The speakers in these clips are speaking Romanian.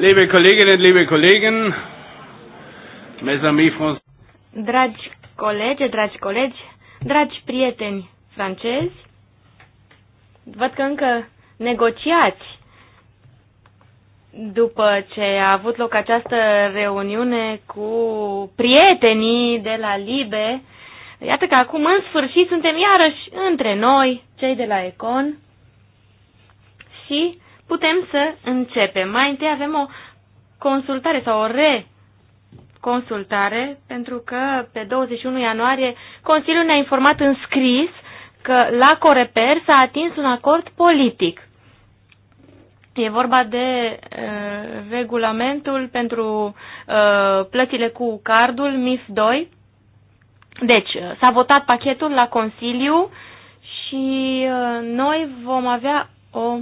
Liebe Kolleginnen, liebe Kollegen, mes amis français. Dragi colegi, dragi colegi, dragi prieteni francezi, văd că încă negociați după ce a avut loc această reuniune cu prietenii de la Libe. Iată că acum, în sfârșit, suntem iarăși între noi, cei de la Econ, și putem să începem. Mai întâi avem o consultare sau o reconsultare, pentru că pe 21 ianuarie Consiliul ne-a informat în scris că la Coreper s-a atins un acord politic. E vorba de uh, regulamentul pentru uh, plățile cu cardul MIF 2. Deci, uh, s-a votat pachetul la Consiliu și uh, noi vom avea o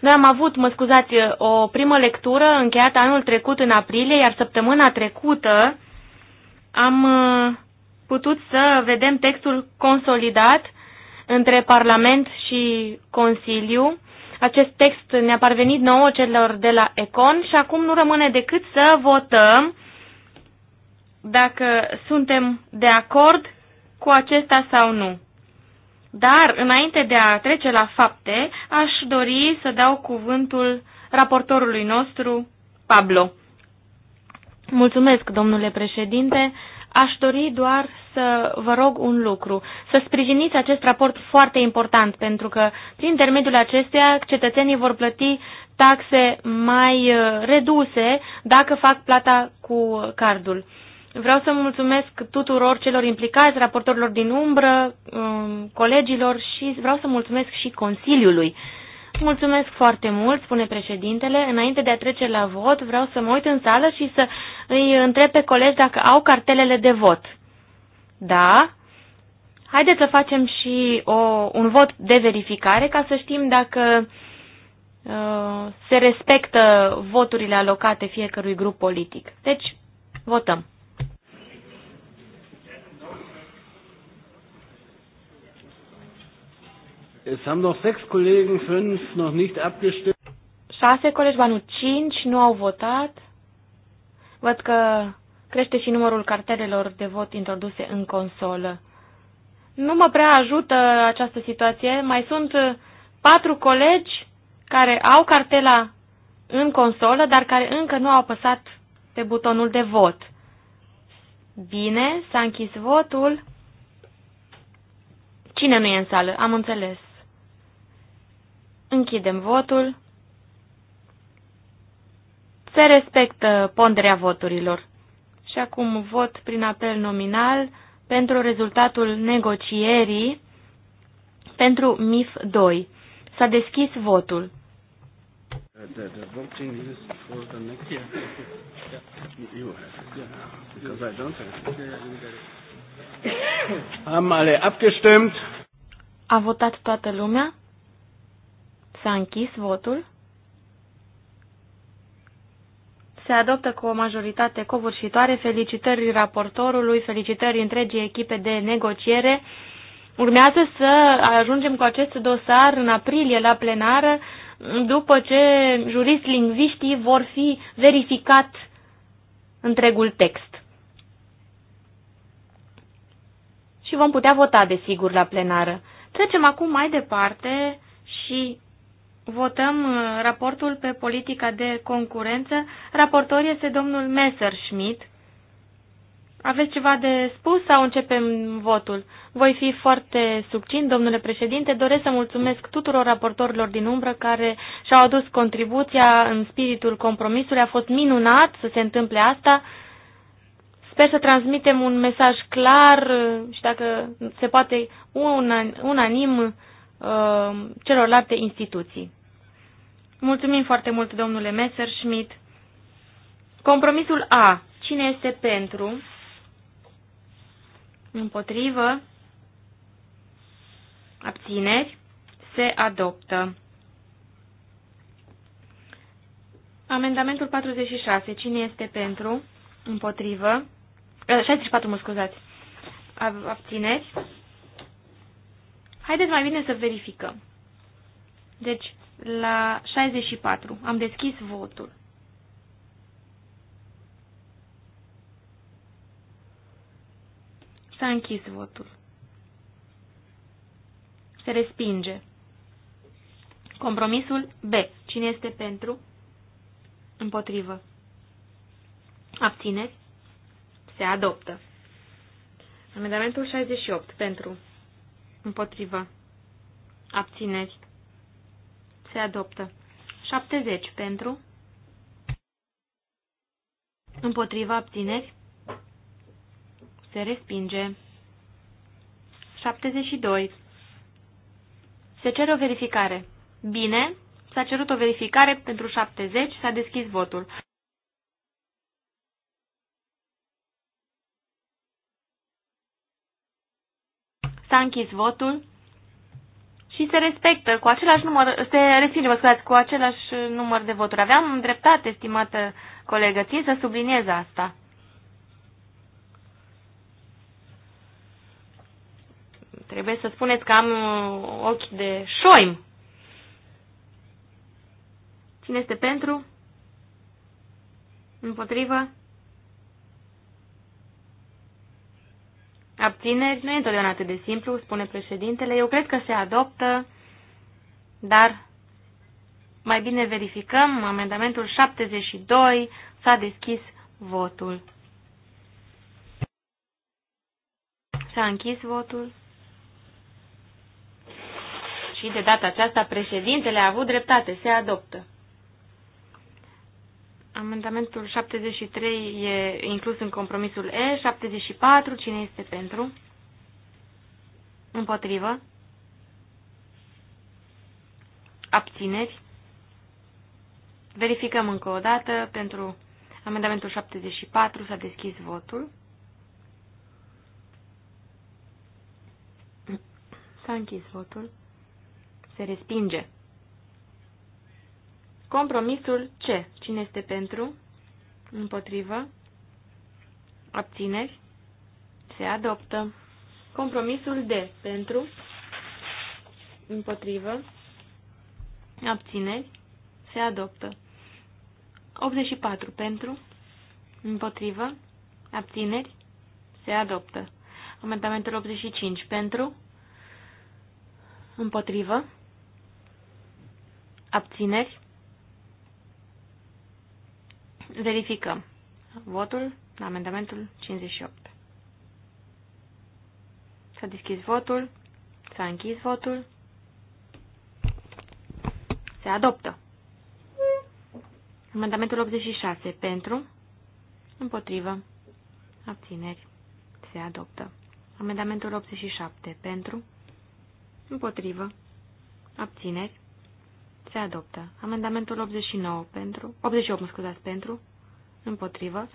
noi am avut, mă scuzați, o primă lectură încheiată anul trecut în aprilie, iar săptămâna trecută am uh, putut să vedem textul consolidat între Parlament și Consiliu. Acest text ne-a parvenit nouă celor de la Econ și acum nu rămâne decât să votăm dacă suntem de acord cu acesta sau nu. Dar, înainte de a trece la fapte, aș dori să dau cuvântul raportorului nostru, Pablo. Mulțumesc, domnule președinte. Aș dori doar să vă rog un lucru, să sprijiniți acest raport foarte important, pentru că prin intermediul acestuia cetățenii vor plăti taxe mai uh, reduse dacă fac plata cu cardul. Vreau să mulțumesc tuturor celor implicați, raportorilor din umbră, um, colegilor și vreau să mulțumesc și Consiliului. Mulțumesc foarte mult, spune președintele. Înainte de a trece la vot, vreau să mă uit în sală și să îi întreb pe colegi dacă au cartelele de vot. Da? Haideți să facem și o, un vot de verificare ca să știm dacă uh, se respectă voturile alocate fiecărui grup politic. Deci, votăm. Șase colegi, banul cinci nu au votat. Văd că crește și numărul cartelelor de vot introduse în consolă. Nu mă prea ajută această situație. Mai sunt patru colegi care au cartela în consolă, dar care încă nu au apăsat pe butonul de vot. Bine, s-a închis votul. Cine nu e în sală? Am înțeles. Închidem votul. Se respectă ponderea voturilor. Și acum vot prin apel nominal pentru rezultatul negocierii pentru MIF 2. S-a deschis votul. The, the voting is for the next year. Yeah. You have it. Yeah. Because I don't have it. Yeah, you it. Am alle abgestimmt. A votat toată lumea? S-a închis votul. Se adoptă cu o majoritate covârșitoare. Felicitări raportorului, felicitări întregii echipe de negociere. Urmează să ajungem cu acest dosar în aprilie la plenară, după ce juriști lingviștii vor fi verificat întregul text. Și vom putea vota, desigur, la plenară. Trecem acum mai departe și votăm uh, raportul pe politica de concurență. Raportor este domnul Messerschmidt. Aveți ceva de spus sau începem votul? Voi fi foarte succint, domnule președinte. Doresc să mulțumesc tuturor raportorilor din umbră care și-au adus contribuția în spiritul compromisului. A fost minunat să se întâmple asta. Sper să transmitem un mesaj clar uh, și dacă se poate unanim uh, celorlalte instituții. Mulțumim foarte mult, domnule Messerschmidt. Compromisul A. Cine este pentru? Împotrivă? Abțineri? Se adoptă. Amendamentul 46. Cine este pentru? Împotrivă? 64, eh, mă scuzați. Abțineri? Haideți mai bine să verificăm. Deci, la 64. Am deschis votul. S-a închis votul. Se respinge. Compromisul B. Cine este pentru? Împotrivă. Abțineri? Se adoptă. Amendamentul 68. Pentru. Împotrivă. Abțineri se adoptă. 70 pentru, împotriva abțineri, se respinge. 72. Se cere o verificare. Bine, s-a cerut o verificare pentru 70, s-a deschis votul. S-a închis votul și se respectă cu același număr, se respinge, vă scuzați, cu același uh, număr de voturi. Aveam dreptate, estimată colegă, țin să subliniez asta. Trebuie să spuneți că am uh, ochi de șoim. Cine este pentru? Împotrivă? Abțineri nu e întotdeauna atât de simplu, spune președintele. Eu cred că se adoptă, dar mai bine verificăm. Amendamentul 72 s-a deschis votul. S-a închis votul. Și de data aceasta președintele a avut dreptate, se adoptă. Amendamentul 73 e inclus în compromisul E. 74, cine este pentru? Împotrivă? Abțineri? Verificăm încă o dată. Pentru amendamentul 74 s-a deschis votul. S-a închis votul. Se respinge. Compromisul C. Cine este pentru? Împotrivă? Abțineri? Se adoptă. Compromisul D. Pentru? Împotrivă? Abțineri? Se adoptă. 84. Pentru? Împotrivă? Abțineri? Se adoptă. Amendamentul 85. Pentru? Împotrivă? Abțineri? Verificăm. Votul la amendamentul 58. S-a deschis votul. S-a închis votul. Se adoptă. Amendamentul 86. Pentru. Împotrivă. Abțineri. Se adoptă. Amendamentul 87. Pentru. Împotrivă. Abțineri. Se adoptă. Amendamentul 89 pentru, 88, mă scuzați, pentru, împotrivă,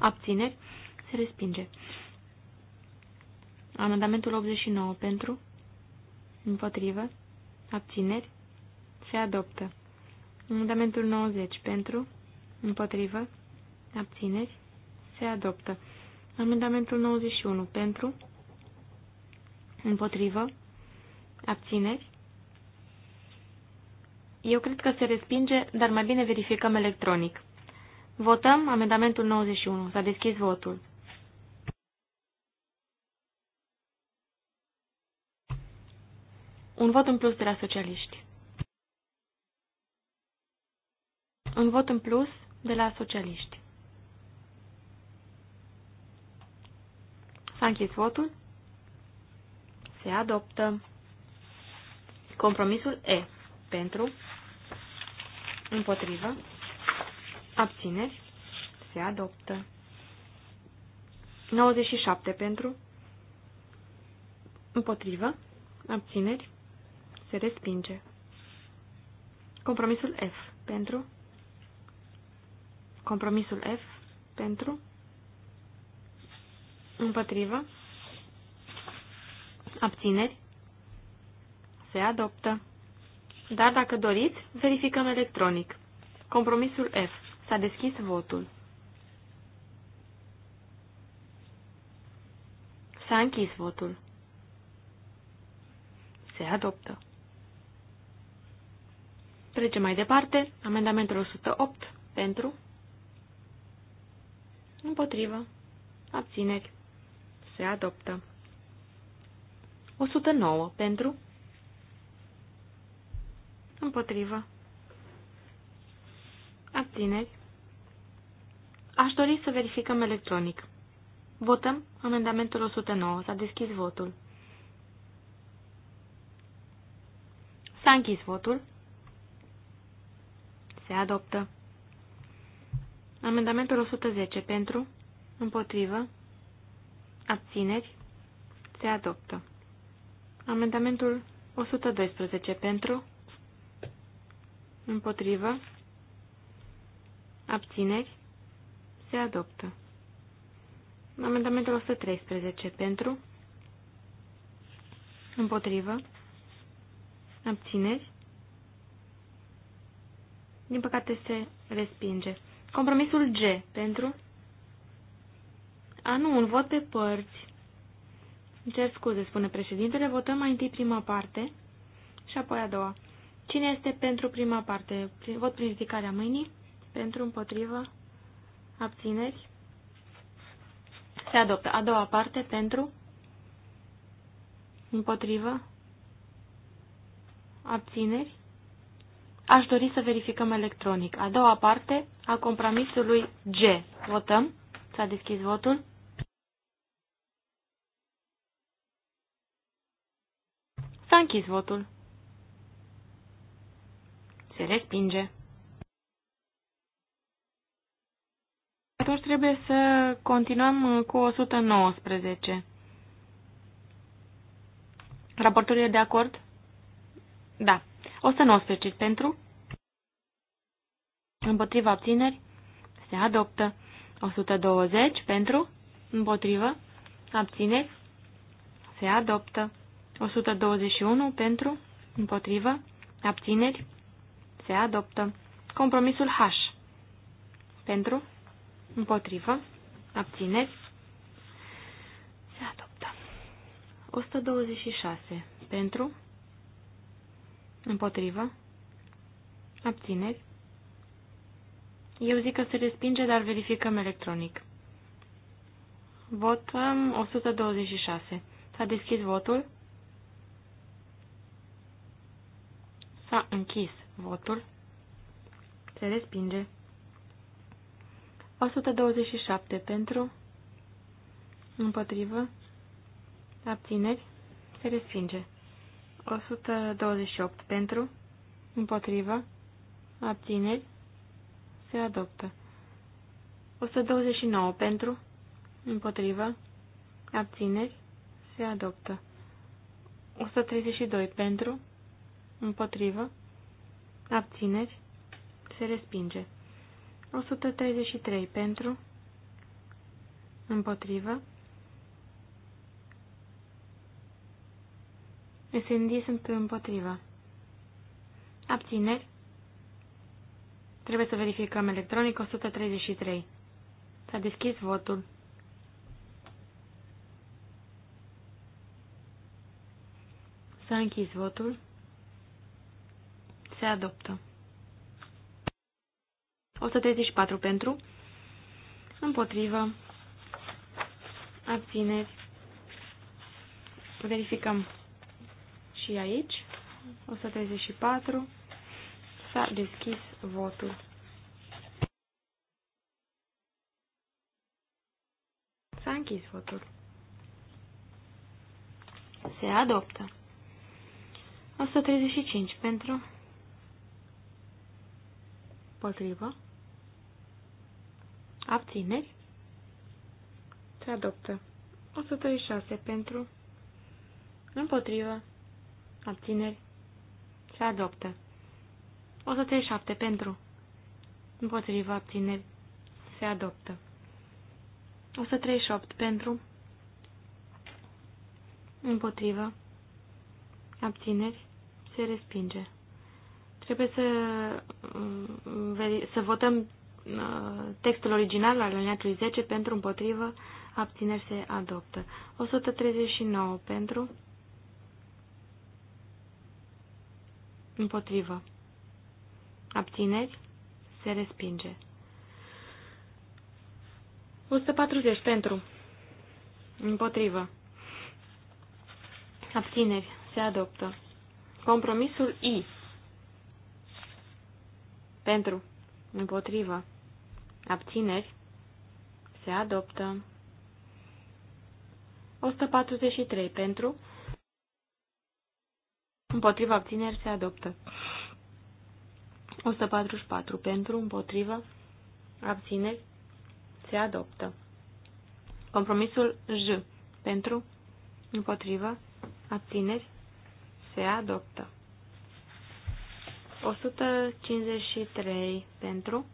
abțineri, se respinge. Amendamentul 89 pentru, împotrivă, abțineri, se adoptă. Amendamentul 90 pentru, împotrivă, abțineri, se adoptă. Amendamentul 91 pentru, împotrivă, abțineri, eu cred că se respinge, dar mai bine verificăm electronic. Votăm amendamentul 91. S-a deschis votul. Un vot în plus de la socialiști. Un vot în plus de la socialiști. S-a închis votul. Se adoptă. Compromisul E. Pentru. Împotrivă. Abțineri. Se adoptă. 97 pentru. Împotrivă. Abțineri. Se respinge. Compromisul F. Pentru. Compromisul F. Pentru. Împotrivă. Abțineri. Se adoptă. Dar dacă doriți, verificăm electronic. Compromisul F. S-a deschis votul. S-a închis votul. Se adoptă. Trecem mai departe. Amendamentul 108. Pentru. Împotrivă. Abțineri. Se adoptă. 109. Pentru. Împotrivă. Abțineri. Aș dori să verificăm electronic. Votăm amendamentul 109. S-a deschis votul. S-a închis votul. Se adoptă. Amendamentul 110 pentru, împotrivă, abțineri, se adoptă. Amendamentul 112 pentru, Împotrivă. Abțineri. Se adoptă. Amendamentul 113. Pentru. Împotrivă. Abțineri. Din păcate se respinge. Compromisul G. Pentru. A, nu, un vot pe părți. cer scuze, spune președintele. Votăm mai întâi prima parte și apoi a doua. Cine este pentru prima parte? Vot prin ridicarea mâinii. Pentru, împotrivă, abțineri. Se adoptă. A doua parte, pentru, împotrivă, abțineri. Aș dori să verificăm electronic. A doua parte a compromisului G. Votăm. S-a deschis votul. S-a închis votul se respinge. Atunci trebuie să continuăm cu 119. Raportul e de acord? Da. 119 pentru? Împotriva abțineri? Se adoptă. 120 pentru? Împotrivă? Abțineri? Se adoptă. 121 pentru? Împotrivă? Abțineri? Se adoptă. Compromisul H. Pentru? Împotrivă? Abțineți? Se adoptă. 126. Pentru? Împotrivă? abțineți. Eu zic că se respinge, dar verificăm electronic. Votăm 126. S-a deschis votul? S-a închis votul. Se respinge. 127 pentru, împotrivă, abțineri, se respinge. 128 pentru, împotrivă, abțineri, se adoptă. 129 pentru, împotrivă, abțineri, se adoptă. 132 pentru, împotrivă, abțineri, se respinge. 133 pentru, împotrivă. SND sunt împotriva. Abțineri. Trebuie să verificăm electronic 133. S-a deschis votul. S-a închis votul se adoptă. 134 pentru, împotrivă, abțineri, verificăm și aici, 134, s-a deschis votul. S-a închis votul. Se adoptă. 135 pentru Potrivă. Abțineri. Se adoptă. 106 pentru. Împotrivă. Abțineri. Se adoptă. 137 pentru. Împotrivă abțineri. Se adoptă. 138 pentru. Împotrivă. Abțineri. Se respinge. Trebuie să, să votăm uh, textul original al alineatului 10 pentru împotrivă, abțineri se adoptă. 139 pentru împotrivă, abțineri se respinge. 140 pentru împotrivă, abțineri se adoptă. Compromisul I pentru. Împotrivă. Abțineri. Se adoptă. 143. Pentru. Împotriva abțineri se adoptă. 144. Pentru, împotrivă, abțineri se adoptă. Compromisul J. Pentru, împotrivă, abțineri se adoptă. 153 pentru.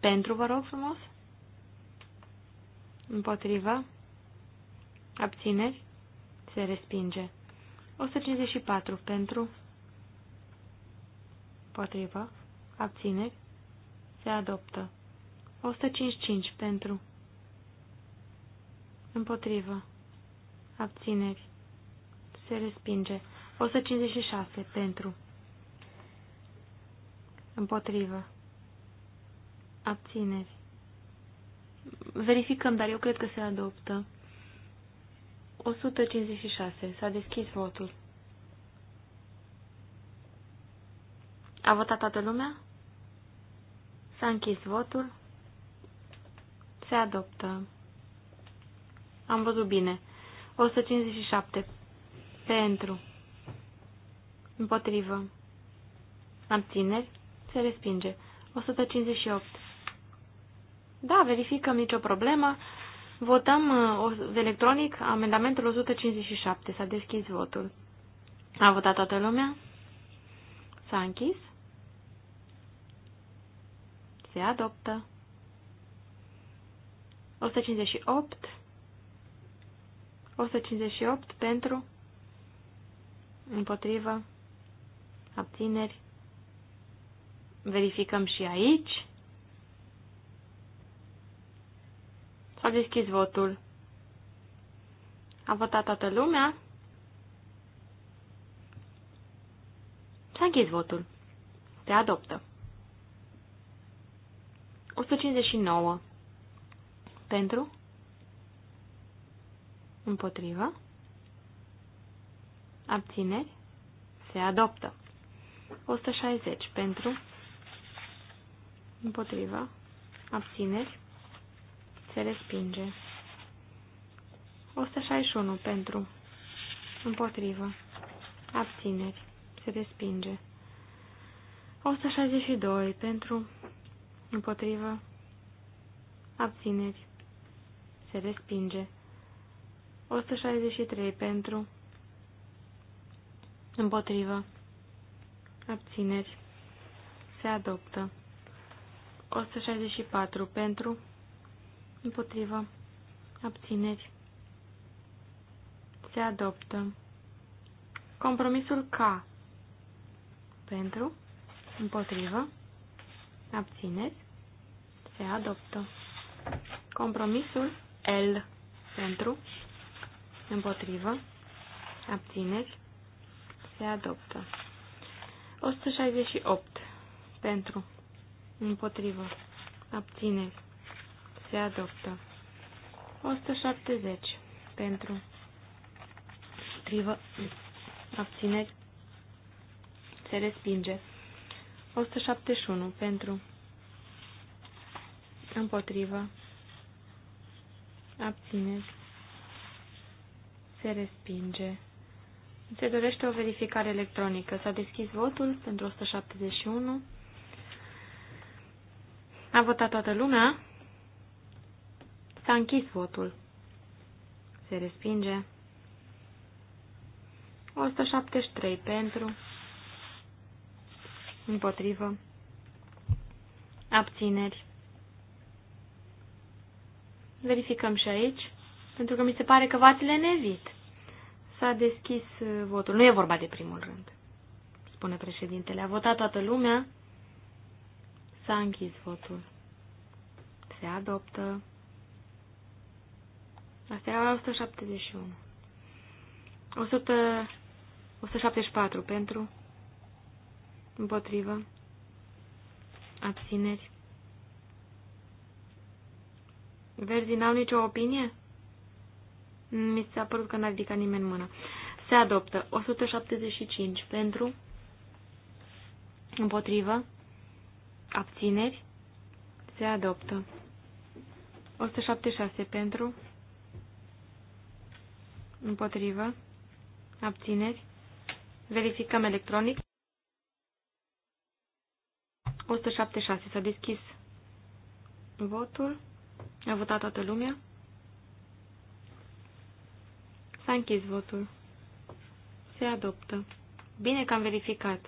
Pentru, vă rog frumos. Împotriva. Abțineri. Se respinge. 154 pentru. Împotriva. Abțineri. Se adoptă. 155 pentru. Împotrivă. Abțineri. Se respinge. 156 pentru. Împotrivă. Abțineri. Verificăm, dar eu cred că se adoptă. 156. S-a deschis votul. A votat toată lumea? S-a închis votul. Se adoptă. Am văzut bine. 157. Pentru. Împotrivă. Abțineri. Se respinge. 158. Da, verificăm nicio problemă. Votăm uh, electronic amendamentul 157. S-a deschis votul. A votat toată lumea? S-a închis? Se adoptă. 158. 158 pentru. Împotrivă abțineri. Verificăm și aici. S-a deschis votul. A votat toată lumea. S-a închis votul. Se adoptă. 159. Pentru? Împotrivă? Abțineri? Se adoptă. 160 pentru, împotriva, abțineri, se respinge. 161 pentru, împotriva, abțineri, se respinge. 162 pentru, împotriva, abțineri, se respinge. 163 pentru, împotriva, abțineri, se adoptă. 164 pentru, împotrivă, abțineri, se adoptă. Compromisul K pentru, împotrivă, abțineri, se adoptă. Compromisul L pentru, împotrivă, abțineri, se adoptă. 168 pentru, împotrivă, abțineri, se adoptă. 170 pentru, împotrivă, abțineri, se respinge. 171 pentru, împotrivă, abțineri, se respinge. Se dorește o verificare electronică. S-a deschis votul pentru 171. A votat toată lumea. S-a închis votul. Se respinge. 173 pentru. Împotrivă. Abțineri. Verificăm și aici, pentru că mi se pare că v-ați lenevit. S-a deschis uh, votul. Nu e vorba de primul rând, spune președintele. A votat toată lumea. S-a închis votul. Se adoptă. Asta era 171. 100, 174 pentru, împotrivă, abțineri. Verzii n-au nicio opinie? Mi s-a părut că n-a ridicat nimeni mână. Se adoptă 175 pentru, împotrivă, abțineri, se adoptă. 176 pentru, împotrivă, abțineri, verificăm electronic. 176 s-a deschis votul, a votat toată lumea. S-a închis votul. Se adoptă. Bine că am verificat.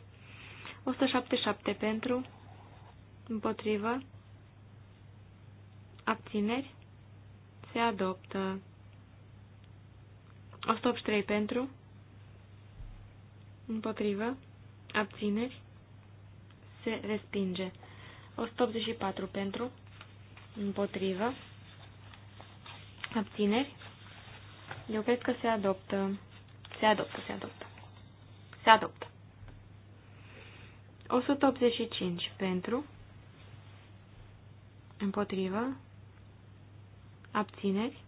177 pentru, împotrivă, abțineri, se adoptă. 183 pentru, împotrivă, abțineri, se respinge. 184 pentru, împotrivă, abțineri, eu cred că se adoptă. Se adoptă, se adoptă. Se adoptă. 185 pentru, împotrivă, abțineri.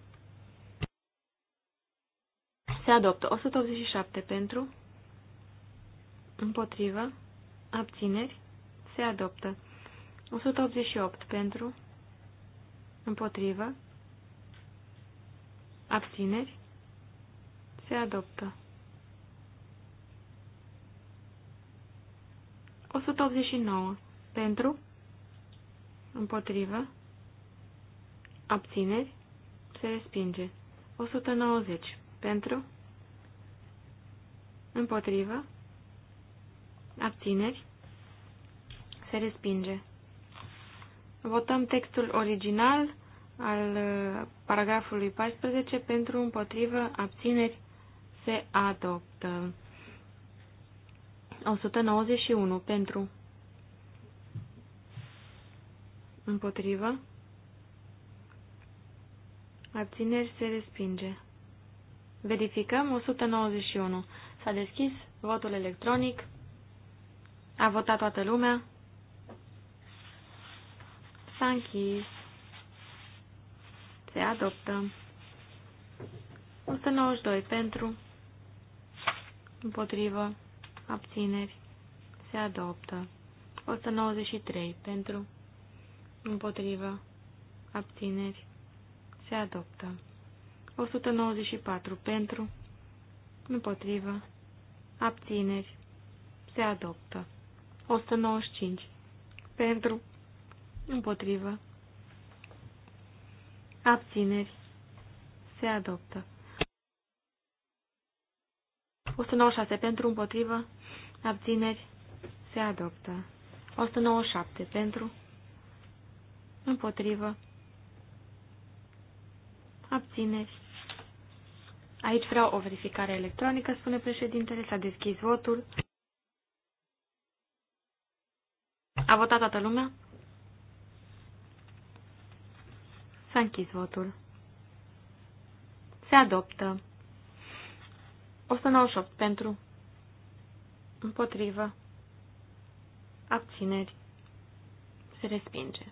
Se adoptă 187 pentru, împotrivă, abțineri. Se adoptă 188 pentru, împotrivă, abțineri. Se adoptă. 189. Pentru? Împotrivă? Abțineri? Se respinge. 190. Pentru? Împotrivă? Abțineri? Se respinge. Votăm textul original al uh, paragrafului 14 pentru împotrivă abțineri se adoptă. 191 pentru împotrivă abțineri se respinge. Verificăm 191. S-a deschis votul electronic. A votat toată lumea. S-a închis. Se adoptă. 192 pentru împotrivă, abțineri, se adoptă. 193 pentru, împotrivă, abțineri, se adoptă. 194 pentru, împotrivă, abțineri, se adoptă. 195 pentru, împotrivă, abțineri, se adoptă. 196 pentru împotrivă, abțineri, se adoptă. 197 pentru împotrivă, abțineri. Aici vreau o verificare electronică, spune președintele, s-a deschis votul. A votat toată lumea? S-a închis votul. Se adoptă. 198 pentru, împotrivă, abțineri, se respinge.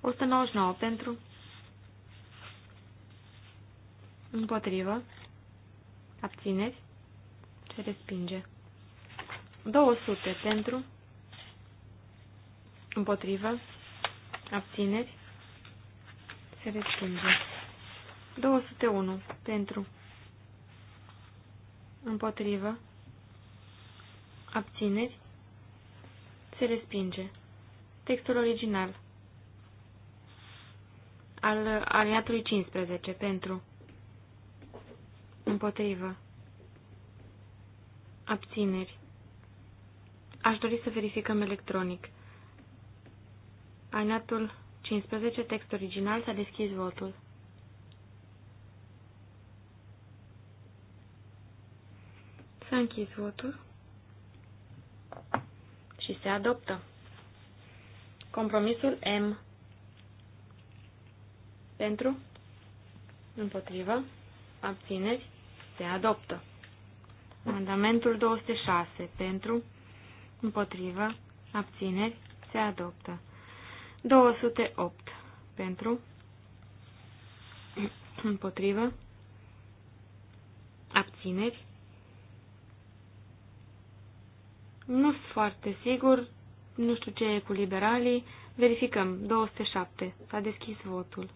199 pentru, împotrivă, abțineri, se respinge. 200 pentru, împotrivă, abțineri, se respinge. 201 pentru, împotrivă, abțineri, se respinge. Textul original al aliatului 15 pentru împotrivă, abțineri. Aș dori să verificăm electronic. Aliatul 15, text original, s-a deschis votul. Să închizi votul și se adoptă. Compromisul M. Pentru, împotrivă, abțineri, se adoptă. Amendamentul 206. Pentru, împotrivă, abțineri, se adoptă. 208. Pentru, împotrivă, abțineri, Nu sunt foarte sigur, nu știu ce e cu liberalii. Verificăm. 207. S-a deschis votul.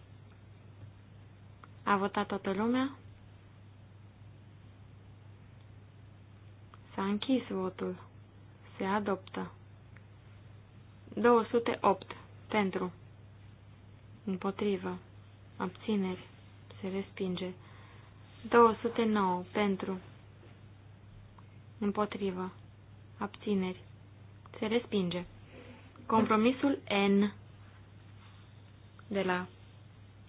A votat toată lumea? S-a închis votul. Se adoptă. 208. Pentru. Împotrivă. Abțineri. Se respinge. 209. Pentru. Împotrivă abțineri, se respinge. Compromisul N de la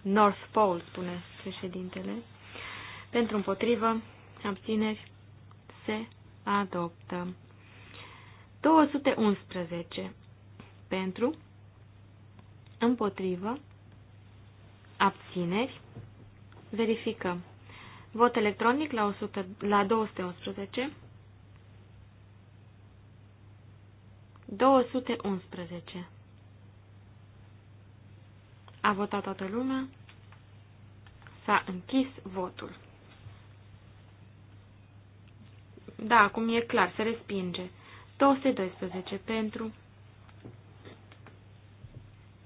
North Pole, spune președintele, pentru împotrivă, abțineri, se adoptă. 211. Pentru, împotrivă, abțineri, verificăm. Vot electronic la, 100, la 211. 211. A votat toată lumea. S-a închis votul. Da, acum e clar, se respinge. 212 pentru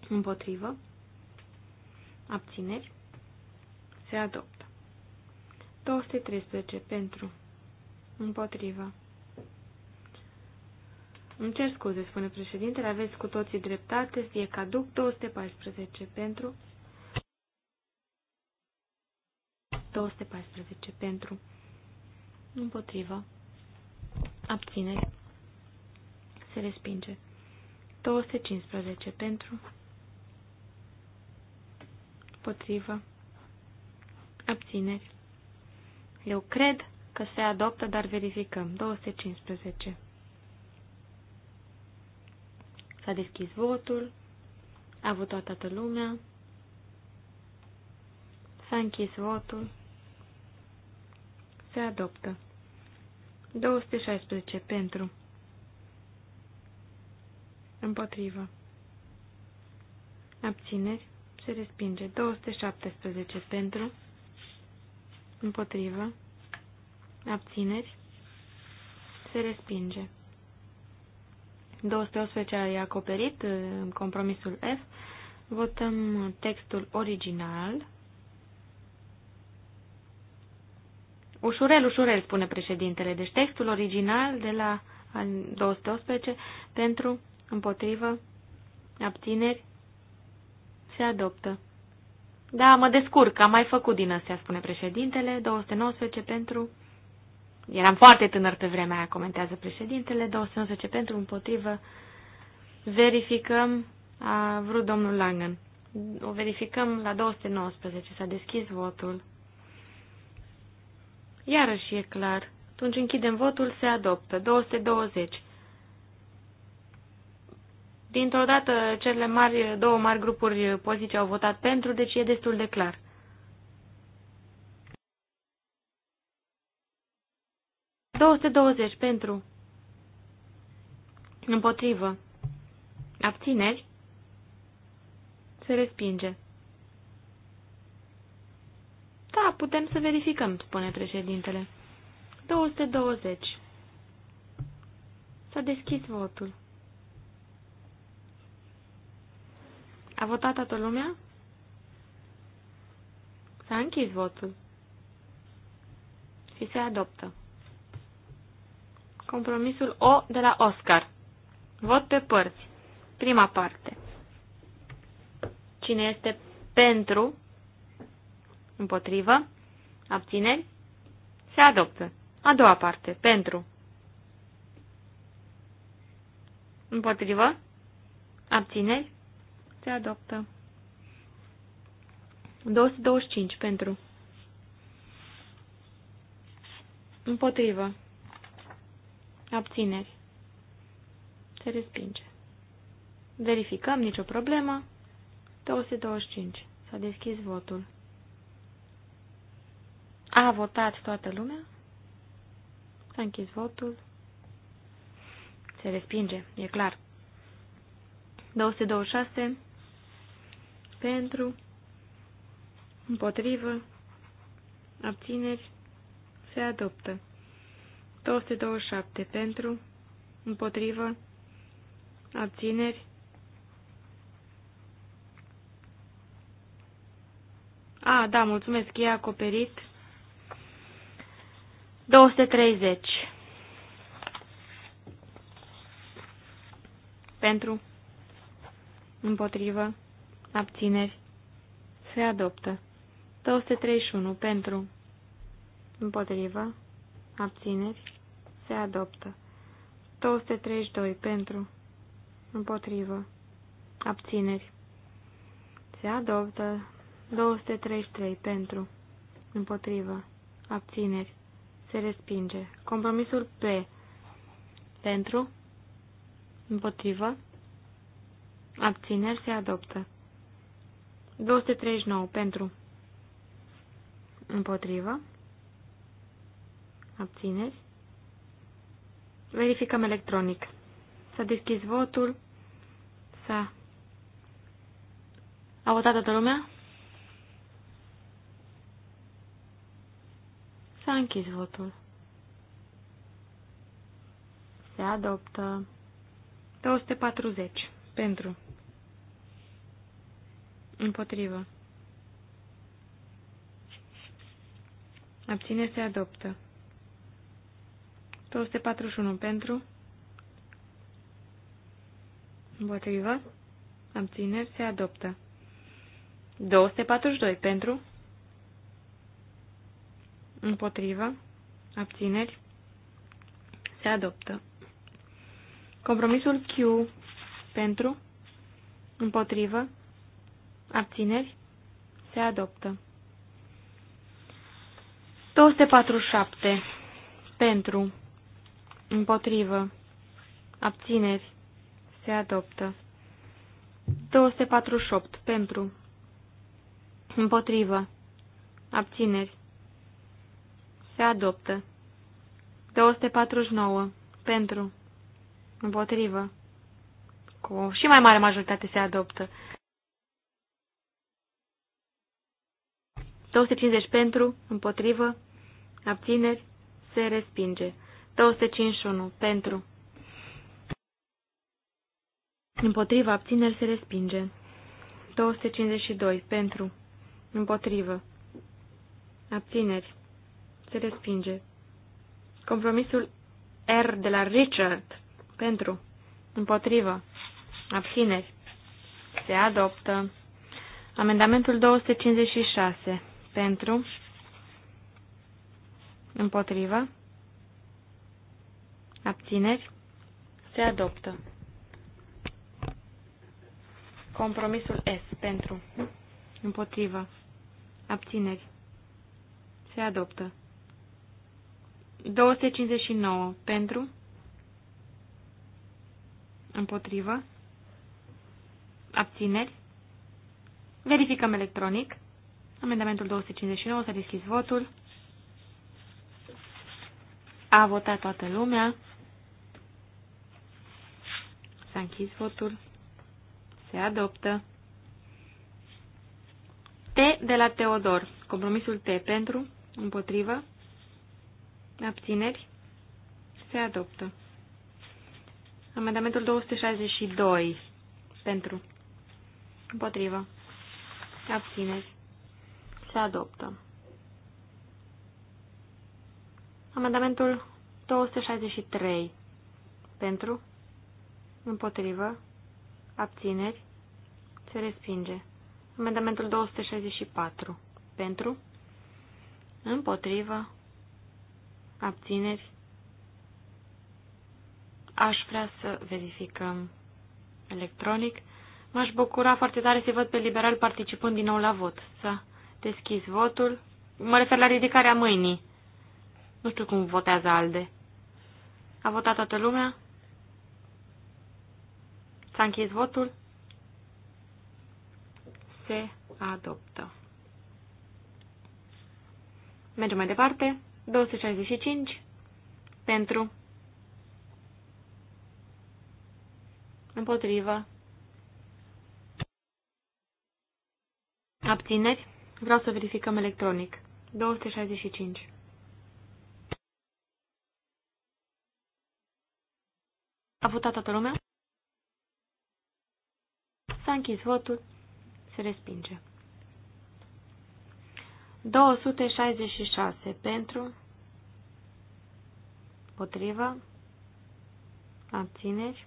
împotrivă, abțineri, se adoptă. 213 pentru împotrivă, îmi cer scuze, spune președintele, aveți cu toții dreptate, fie caduc 214 pentru 214 pentru împotriva abțineri se respinge 215 pentru împotriva abțineri eu cred că se adoptă, dar verificăm 215 S-a deschis votul. A votat toată lumea. S-a închis votul. Se adoptă. 216 pentru. Împotrivă. Abțineri. Se respinge. 217 pentru. Împotrivă. Abțineri. Se respinge. 211 e acoperit, uh, compromisul F. Votăm textul original. Ușurel, ușurel, spune președintele. Deci textul original de la 218 pentru, împotrivă, abțineri, se adoptă. Da, mă descurc, am mai făcut din astea, spune președintele, 219 pentru, Eram foarte tânăr pe vremea aia, comentează președintele, 211 pentru, împotrivă. Verificăm, a vrut domnul Langen. O verificăm la 219, s-a deschis votul. Iarăși e clar. Atunci închidem votul, se adoptă. 220. Dintr-o dată, cele mari, două mari grupuri poziție au votat pentru, deci e destul de clar. 220 pentru. Împotrivă. Abțineri. Se respinge. Da, putem să verificăm, spune președintele. 220. S-a deschis votul. A votat toată lumea? S-a închis votul. Și se adoptă. Compromisul O de la Oscar. Vot pe părți. Prima parte. Cine este pentru, împotrivă, abțineri, se adoptă. A doua parte. Pentru, împotrivă, abțineri, se adoptă. 225 pentru. Împotrivă. Abțineri. Se respinge. Verificăm, nicio problemă. 225. S-a deschis votul. A votat toată lumea. S-a închis votul. Se respinge, e clar. 226. Pentru. Împotrivă. Abțineri. Se adoptă. 227 pentru, împotrivă, abțineri. A, da, mulțumesc, e acoperit. 230. Pentru, împotrivă, abțineri. Se adoptă. 231. Pentru, împotrivă, abțineri se adoptă. 232 pentru, împotrivă, abțineri, se adoptă. 233 pentru, împotrivă, abțineri, se respinge. Compromisul P, pentru, împotrivă, abțineri, se adoptă. 239 pentru, împotrivă, abțineri, Verificăm electronic. S-a deschis votul. S-a... A votat toată lumea? S-a închis votul. Se adoptă 240 pentru. Împotrivă. Abține se adoptă. 241 pentru, împotrivă, abțineri, se adoptă. 242 pentru, împotrivă, abțineri, se adoptă. Compromisul Q pentru, împotrivă, abțineri, se adoptă. 247 pentru, Împotrivă. Abțineri. Se adoptă. 248. Pentru. Împotrivă. Abțineri. Se adoptă. 249. Pentru. Împotrivă. Cu o și mai mare majoritate se adoptă. 250 pentru, împotrivă, abțineri, se respinge. 251. Pentru. Împotriva abțineri se respinge. 252. Pentru. Împotrivă. Abțineri. Se respinge. Compromisul R de la Richard. Pentru. Împotrivă. Abțineri. Se adoptă. Amendamentul 256. Pentru. Împotrivă abțineri, se adoptă. Compromisul S pentru, împotrivă, abțineri, se adoptă. 259 pentru, împotrivă, abțineri, verificăm electronic. Amendamentul 259 s-a deschis votul. A votat toată lumea. S-a închis votul. Se adoptă. T de la Teodor. Compromisul T pentru, împotrivă, abțineri, se adoptă. Amendamentul 262 pentru, împotrivă, abțineri, se adoptă. Amendamentul 263 pentru, împotrivă, abțineri, se respinge. Amendamentul 264, pentru, împotrivă, abțineri, aș vrea să verificăm electronic. M-aș bucura foarte tare să văd pe liberal participând din nou la vot. Să deschis votul. Mă refer la ridicarea mâinii. Nu știu cum votează ALDE. A votat toată lumea? S-a închis votul. Se adoptă. Mergem mai departe. 265 pentru împotrivă abțineri. Vreau să verificăm electronic. 265. A votat toată lumea? S-a închis votul. Se respinge. 266 pentru, potrivă, abțineri,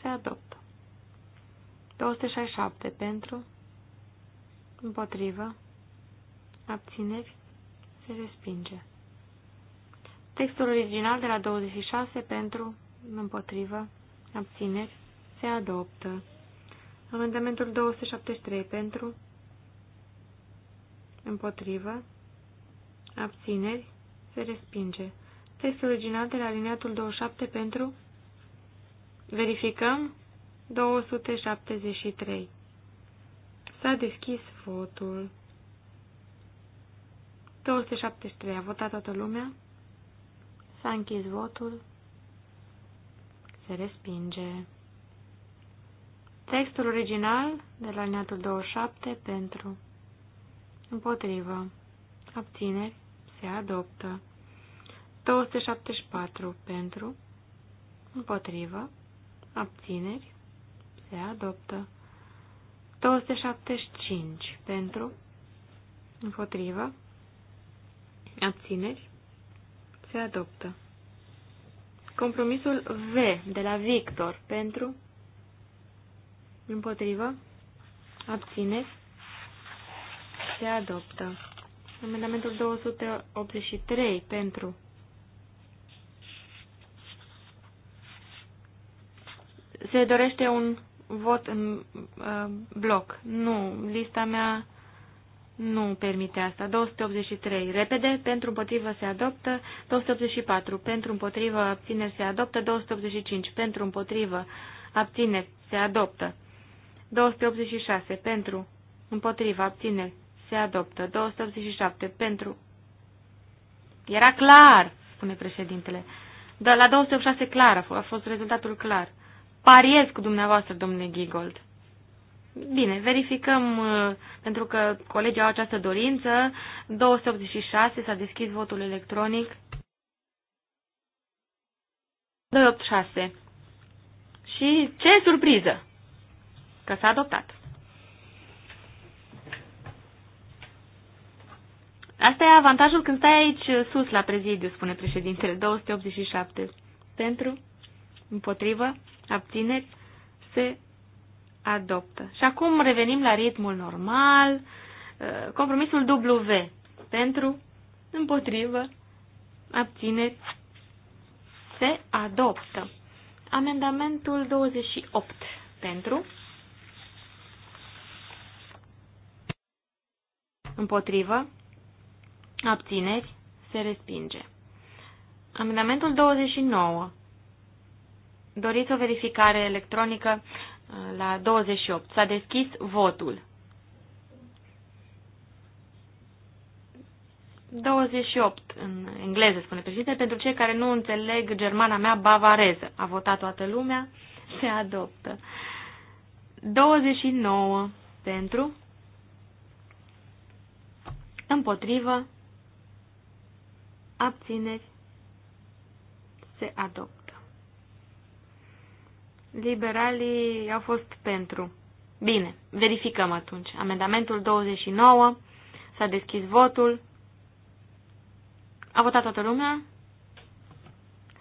se adoptă. 267 pentru, împotrivă, abțineri, se respinge. Textul original de la 26 pentru, împotrivă, abțineri, se adoptă. Amendamentul 273 pentru, împotrivă, abțineri, se respinge. Textul original de la alineatul 27 pentru, verificăm, 273. S-a deschis votul. 273. A votat toată lumea. S-a închis votul. Se respinge. Textul original de la liniatul 27 pentru împotrivă abțineri se adoptă. 274 pentru împotrivă abțineri se adoptă. 275 pentru împotrivă abțineri se adoptă. Compromisul V de la Victor pentru Împotrivă. abține, Se adoptă. Amendamentul 283 pentru. Se dorește un vot în uh, bloc. Nu, lista mea nu permite asta. 283. Repede, pentru împotrivă se adoptă. 284. Pentru împotrivă abțineri se adoptă. 285. Pentru împotrivă abțineri se adoptă. 286. Pentru. Împotriva. Abține. Se adoptă. 287. Pentru. Era clar, spune președintele. Dar la 286 clar a fost rezultatul clar. Pariez cu dumneavoastră, domnule Gigold. Bine, verificăm, uh, pentru că colegii au această dorință. 286 s-a deschis votul electronic. 286. Și ce surpriză! că s-a adoptat. Asta e avantajul când stai aici sus la prezidiu, spune președintele, 287. Pentru, împotrivă, abțineri, se adoptă. Și acum revenim la ritmul normal, uh, compromisul W. Pentru, împotrivă, abțineri, se adoptă. Amendamentul 28. Pentru, Împotrivă. Abțineri. Se respinge. Amendamentul 29. Doriți o verificare electronică uh, la 28. S-a deschis votul. 28 în engleză, spune președinte, pentru cei care nu înțeleg germana mea bavareză. A votat toată lumea, se adoptă. 29 pentru, împotrivă, abțineri, se adoptă. Liberalii au fost pentru. Bine, verificăm atunci. Amendamentul 29, s-a deschis votul, a votat toată lumea,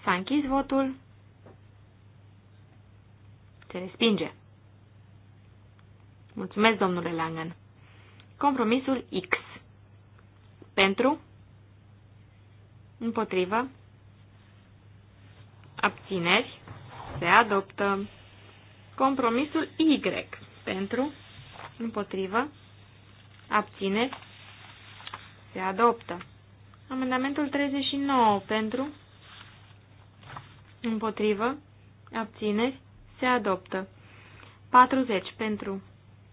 s-a închis votul, se respinge. Mulțumesc, domnule Langen. Compromisul X. Pentru? Împotrivă? Abțineri? Se adoptă. Compromisul Y. Pentru? Împotrivă? Abțineri? Se adoptă. Amendamentul 39. Pentru? Împotrivă? Abțineri? Se adoptă. 40. Pentru?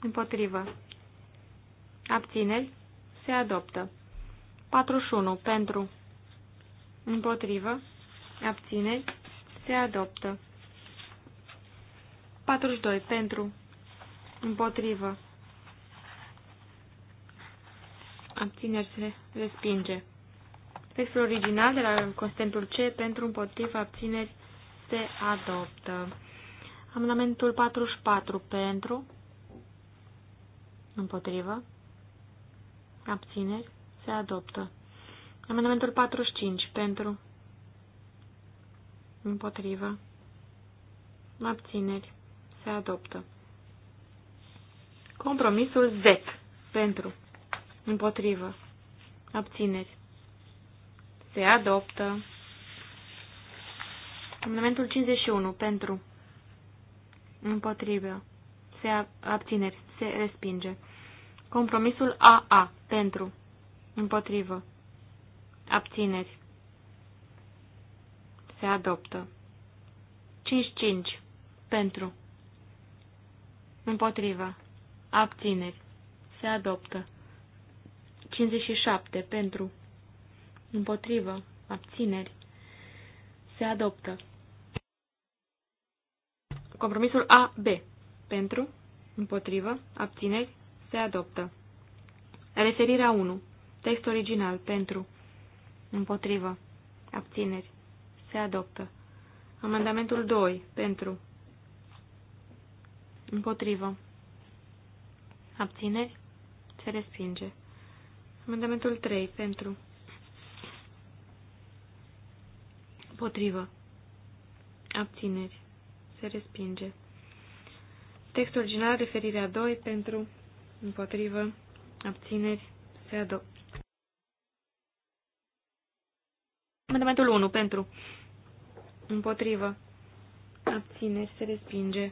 Împotrivă? Abțineri? Se adoptă. 41. Pentru. Împotrivă. Abțineri. Se adoptă. 42. Pentru. Împotrivă. Abțineri se respinge. Textul original de la constantul C pentru împotriva abțineri se adoptă. Amendamentul 44 pentru împotrivă abțineri se adoptă. Amendamentul 45. Pentru. Împotrivă. Abțineri. Se adoptă. Compromisul Z. Pentru. Împotrivă. Abțineri. Se adoptă. Amendamentul 51. Pentru. Împotrivă. Se abțineri. Se respinge. Compromisul AA. Pentru. Împotrivă. Abțineri. Se adoptă. 55. Pentru. Împotrivă. Abțineri. Se adoptă. 57. Pentru. Împotrivă. Abțineri. Se adoptă. Compromisul AB. Pentru. Împotrivă. Abțineri. Se adoptă. Referirea 1. Text original. Pentru. Împotrivă. Abțineri. Se adoptă. Amendamentul 2. Pentru. Împotrivă. Abțineri. Se respinge. Amendamentul 3. Pentru. Împotrivă. Abțineri. Se respinge. Text original, referirea 2, pentru, împotrivă, abțineri, se adoptă. Amendamentul 1 pentru. Împotrivă. Abțineri se respinge.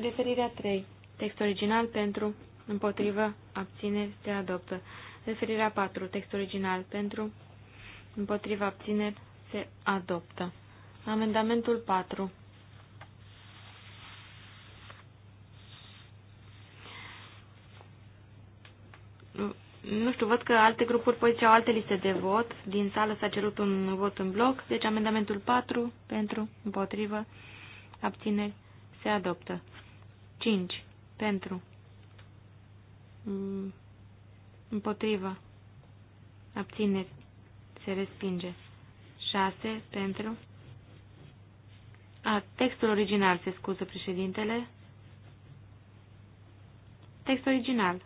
Referirea 3. Text original pentru. Împotrivă. Abțineri se adoptă. Referirea 4. Text original pentru. Împotriva abțineri se adoptă. Amendamentul 4. Nu știu, văd că alte grupuri politice au alte liste de vot. Din sală s-a cerut un vot în bloc, deci amendamentul 4 pentru, împotrivă, abțineri, se adoptă. 5 pentru, mm, împotrivă, abțineri, se respinge. 6 pentru, a, textul original, se scuză președintele. Text original,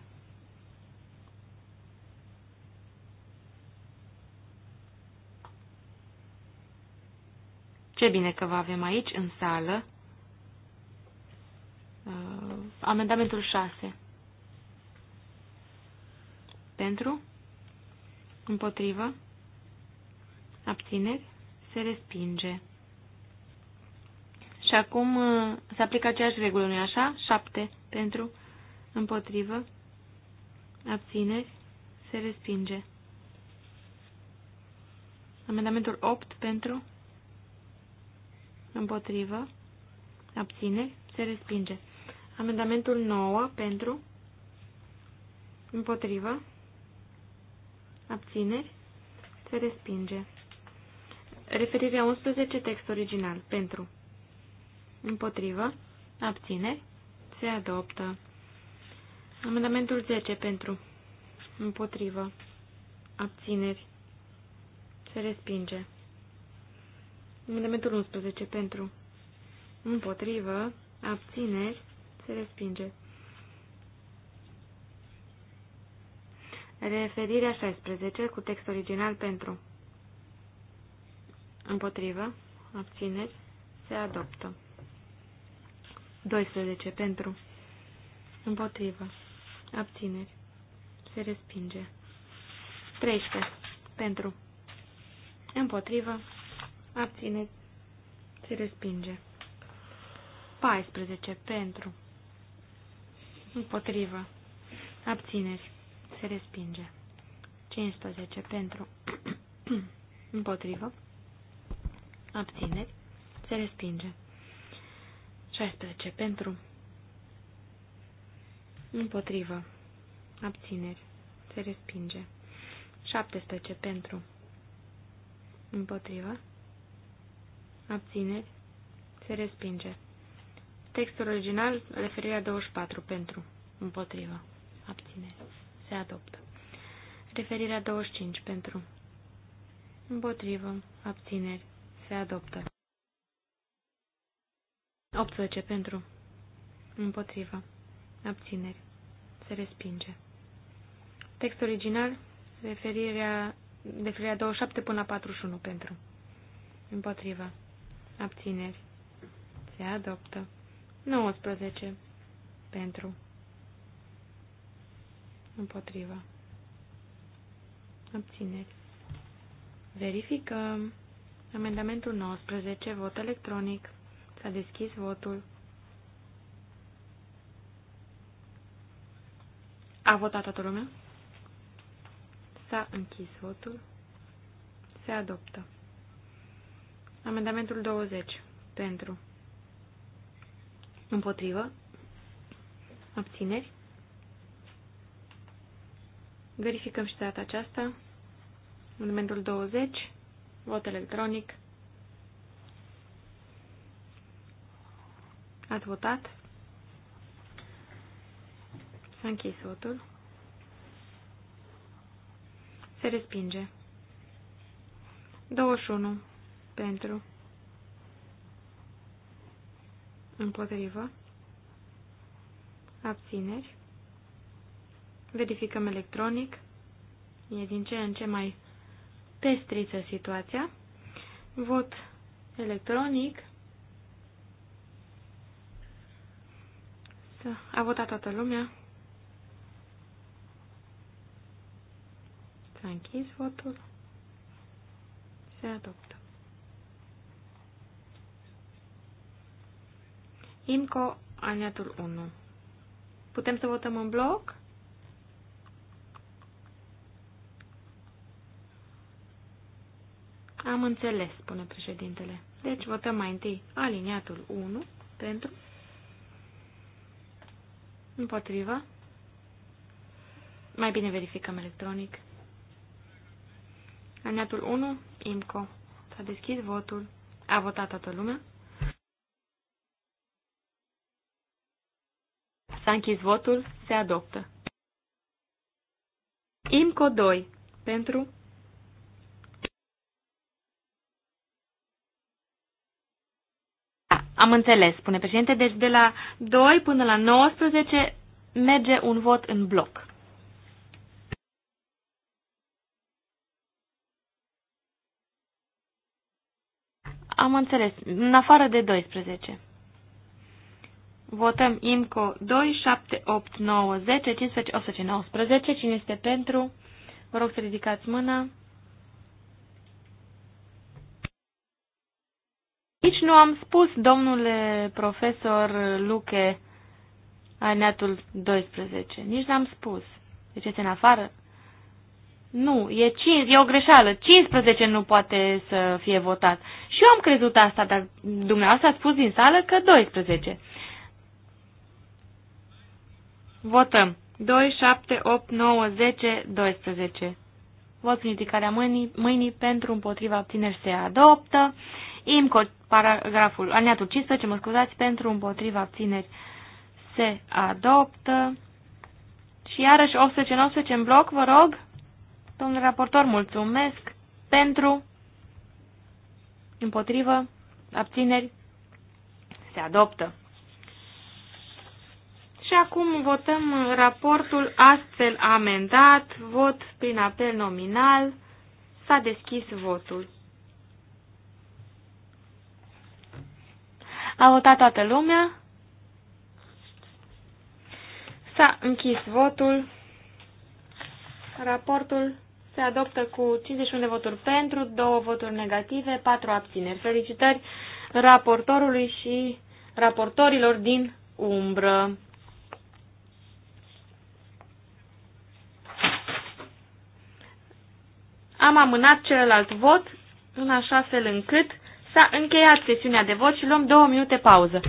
Ce bine că vă avem aici, în sală. Uh, amendamentul 6. Pentru? Împotrivă? Abțineri? Se respinge. Și acum uh, se aplică aceeași regulă, nu așa? 7. Pentru? Împotrivă? Abțineri? Se respinge. Amendamentul 8 pentru împotrivă, abține, se respinge. Amendamentul 9 pentru, împotrivă, abțineri, se respinge. Referirea 11, text original, pentru, împotrivă, abțineri, se adoptă. Amendamentul 10 pentru, împotrivă, abțineri, se respinge. Elementul 11 pentru împotrivă, abțineri, se respinge. Referirea 16 cu text original pentru împotrivă, abțineri, se adoptă. 12 pentru împotrivă, abțineri, se respinge. 13 pentru împotrivă, abține, se respinge. 14. Pentru, împotrivă, abțineri, se respinge. 15. Pentru, împotrivă, abțineri, se respinge. 16. Pentru, împotrivă, abțineri, se respinge. 17. Pentru, împotrivă, abțineri, se respinge. Textul original, referirea 24, pentru, împotriva, abțineri, se adoptă. Referirea 25, pentru, împotrivă, abțineri, se adoptă. 18, pentru, împotriva, abțineri, se respinge. Text original, referirea, referirea 27 până la 41 pentru. Împotriva abțineri, se adoptă. 19 pentru, împotriva, abțineri. Verificăm amendamentul 19, vot electronic. S-a deschis votul. A votat toată lumea? S-a închis votul. Se adoptă. Amendamentul 20. Pentru. Împotrivă. Abțineri. Verificăm și data aceasta. Amendamentul 20. Vot electronic. Ați votat. S-a închis votul. Se respinge. 21 pentru împotrivă abțineri. Verificăm electronic. E din ce în ce mai pestriță situația. Vot electronic. A votat toată lumea. S-a închis votul. Se adoptă. IMCO, aliniatul 1. Putem să votăm în bloc? Am înțeles, spune președintele. Deci votăm mai întâi aliniatul 1 pentru împotriva. Mai bine verificăm electronic. Aliniatul 1, IMCO. S-a deschis votul. A votat toată lumea. S-a închis votul. Se adoptă. IMCO 2. Pentru. Da, am înțeles, spune președinte. Deci de la 2 până la 19 merge un vot în bloc. Am înțeles. În afară de 12. Votăm IMCO 2, 7, 8, 9, 10, 15, 18, 19. Cine este pentru? Vă rog să ridicați mâna. Nici nu am spus, domnule profesor Luche, alineatul 12. Nici n-am spus. Deci este în afară? Nu, e, 5, e o greșeală. 15 nu poate să fie votat. Și eu am crezut asta, dar dumneavoastră ați spus din sală că 12. Votăm. 2, 7, 8, 9, 10, 12. Vot ridicarea mâinii, mâinii pentru împotriva obțineri se adoptă. IMCO, paragraful, alineatul 15, mă scuzați, pentru împotriva obțineri se adoptă. Și iarăși 18-19 în bloc, vă rog. Domnul raportor, mulțumesc pentru, împotrivă, abțineri, se adoptă. Și acum votăm raportul astfel amendat, vot prin apel nominal. S-a deschis votul. A votat toată lumea. S-a închis votul. Raportul se adoptă cu 51 de voturi pentru, 2 voturi negative, 4 abțineri. Felicitări raportorului și raportorilor din umbră. am amânat celălalt vot în așa fel încât s-a încheiat sesiunea de vot și luăm două minute pauză.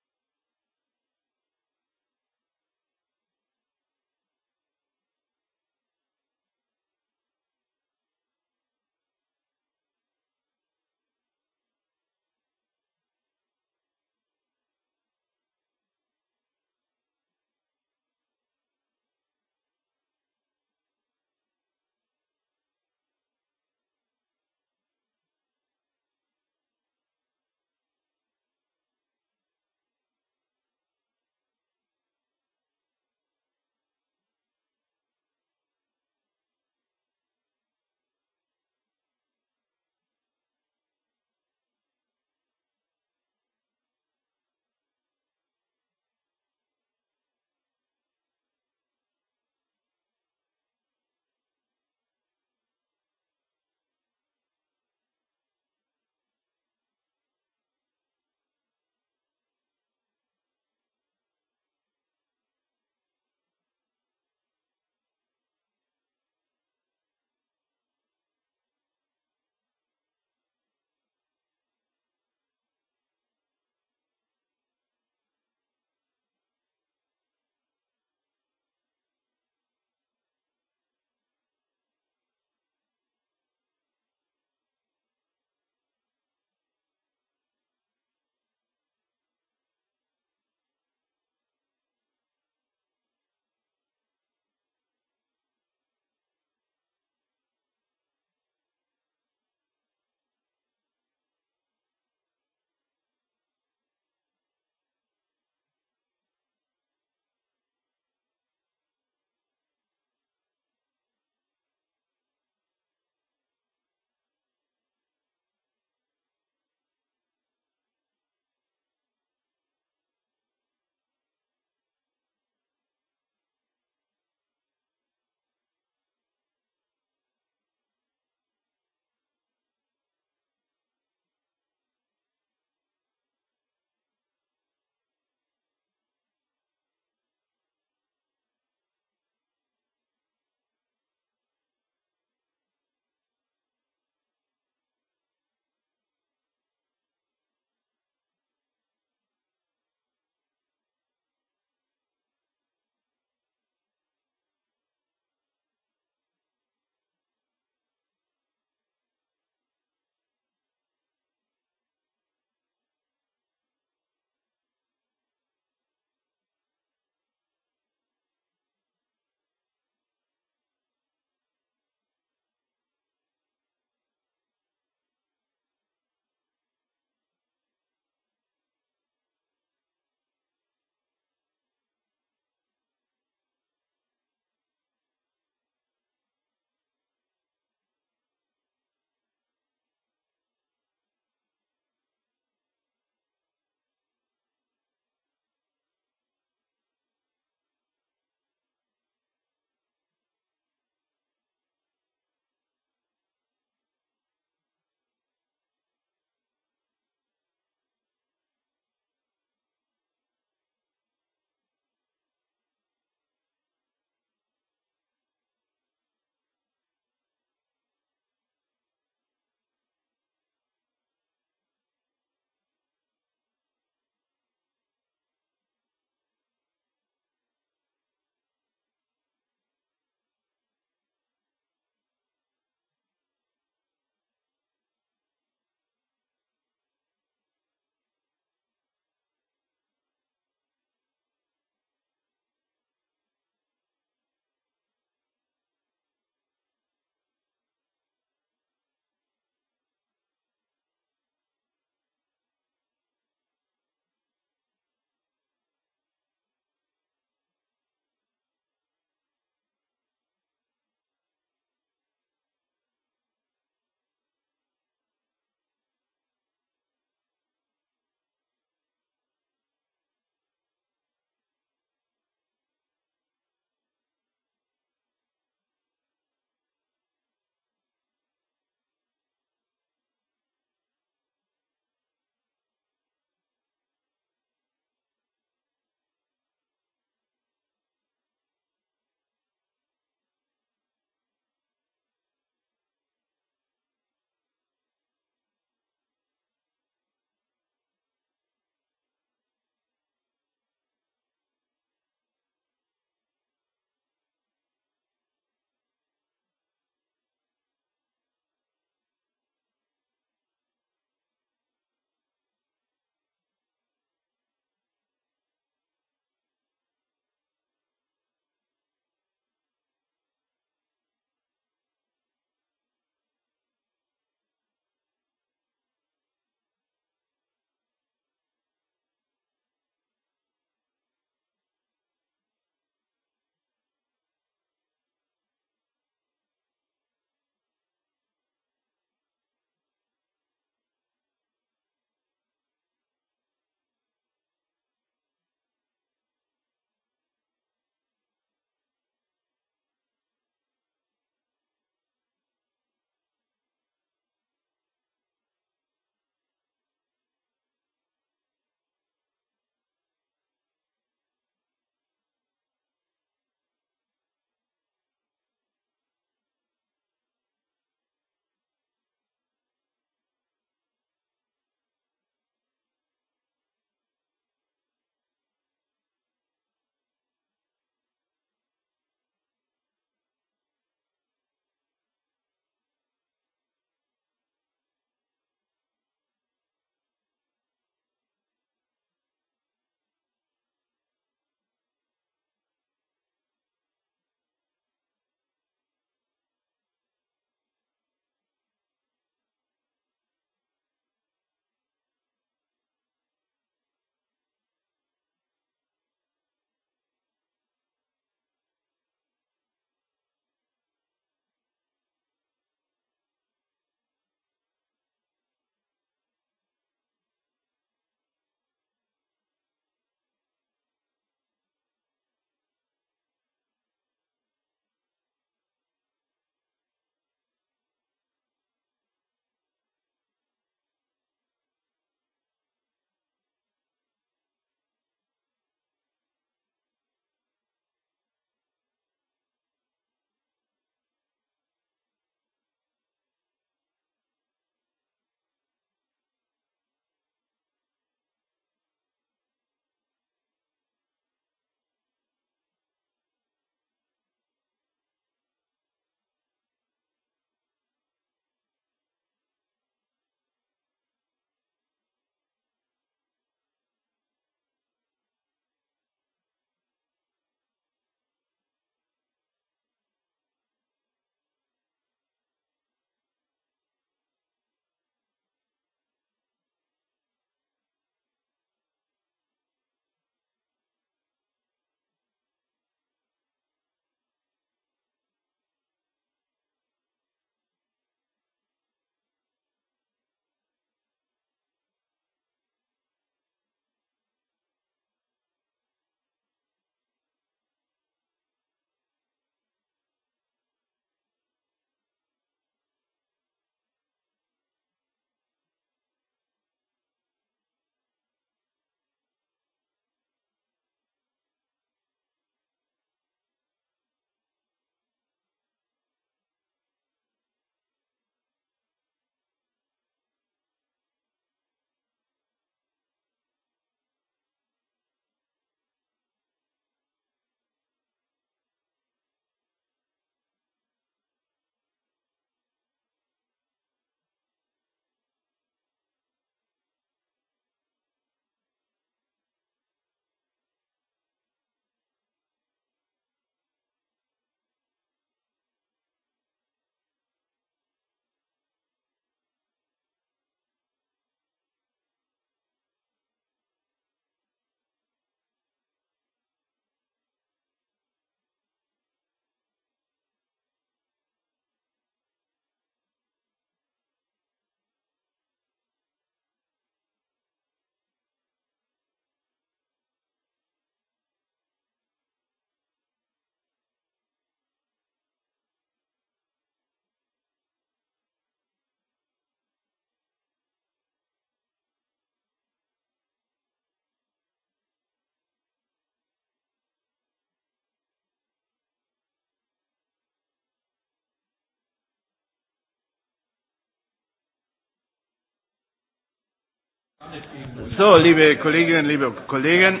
So, liebe Kolleginnen, liebe Kollegen,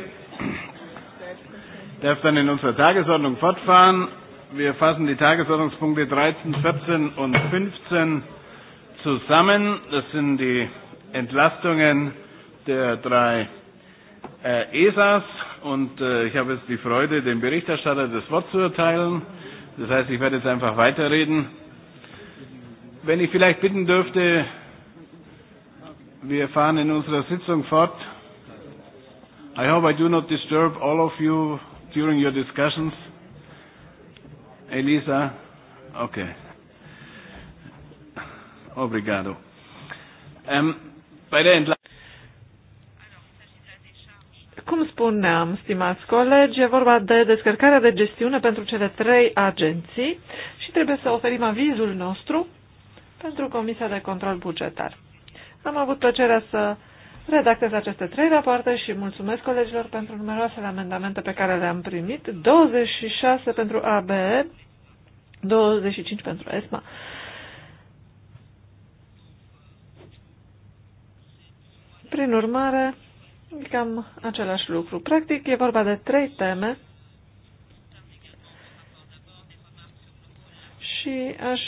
darf dann in unserer Tagesordnung fortfahren. Wir fassen die Tagesordnungspunkte 13, 14 und 15 zusammen. Das sind die Entlastungen der drei äh, ESAs. Und äh, ich habe jetzt die Freude, dem Berichterstatter das Wort zu erteilen. Das heißt, ich werde jetzt einfach weiterreden. Wenn ich vielleicht bitten dürfte, Wir fahren in unserer Sitzung fort. I hope I do not disturb all of you during your discussions. Elisa? Okay. Obrigado. Um, bei păi der Entla Cum spuneam, stimați colegi, e vorba de descărcarea de gestiune pentru cele trei agenții și trebuie să oferim avizul nostru pentru Comisia de Control Bugetar. Am avut plăcerea să redactez aceste trei rapoarte și mulțumesc colegilor pentru numeroasele amendamente pe care le-am primit, 26 pentru ABE, 25 pentru ESMA. Prin urmare, cam același lucru. Practic, e vorba de trei teme și aș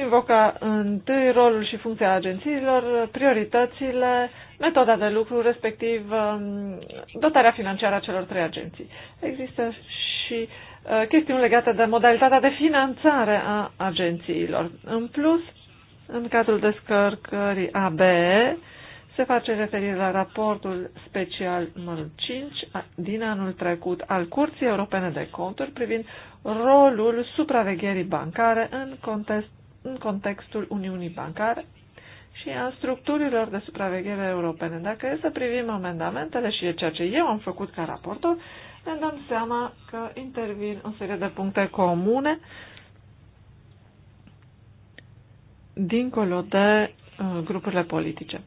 invoca întâi rolul și funcția agențiilor, prioritățile, metoda de lucru, respectiv um, dotarea financiară a celor trei agenții. Există și uh, chestiuni legate de modalitatea de finanțare a agențiilor. În plus, în cadrul descărcării ABE, se face referire la raportul special numărul 5 din anul trecut al Curții Europene de Conturi privind rolul supravegherii bancare în context în contextul Uniunii Bancare și a structurilor de supraveghere europene. Dacă e să privim amendamentele și e ceea ce eu am făcut ca raportor, ne dăm seama că intervin o serie de puncte comune dincolo de uh, grupurile politice.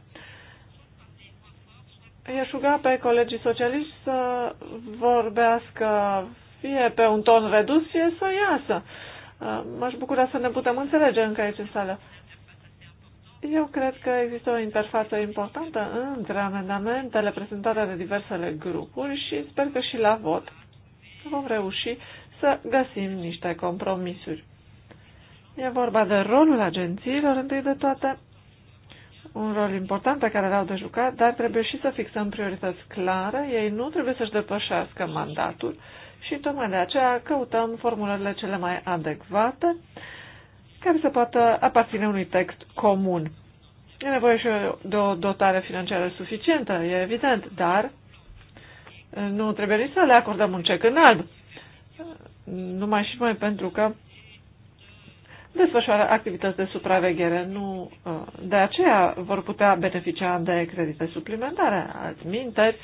I-aș pe colegii socialiști să vorbească fie pe un ton redus, fie să iasă. Uh, Uh, m-aș bucura să ne putem înțelege încă aici în sală. Eu cred că există o interfață importantă între amendamentele prezentate de diversele grupuri și sper că și la vot vom reuși să găsim niște compromisuri. E vorba de rolul agențiilor, întâi de toate, un rol important pe care l-au de jucat, dar trebuie și să fixăm priorități clare. Ei nu trebuie să-și depășească mandatul și tocmai de aceea căutăm formulele cele mai adecvate care să poată aparține unui text comun. E nevoie și de o dotare financiară suficientă, e evident, dar nu trebuie nici să le acordăm un cec în alb, numai și mai pentru că desfășoară activități de supraveghere. Nu, uh, de aceea vor putea beneficia de credite suplimentare. Alți minteri,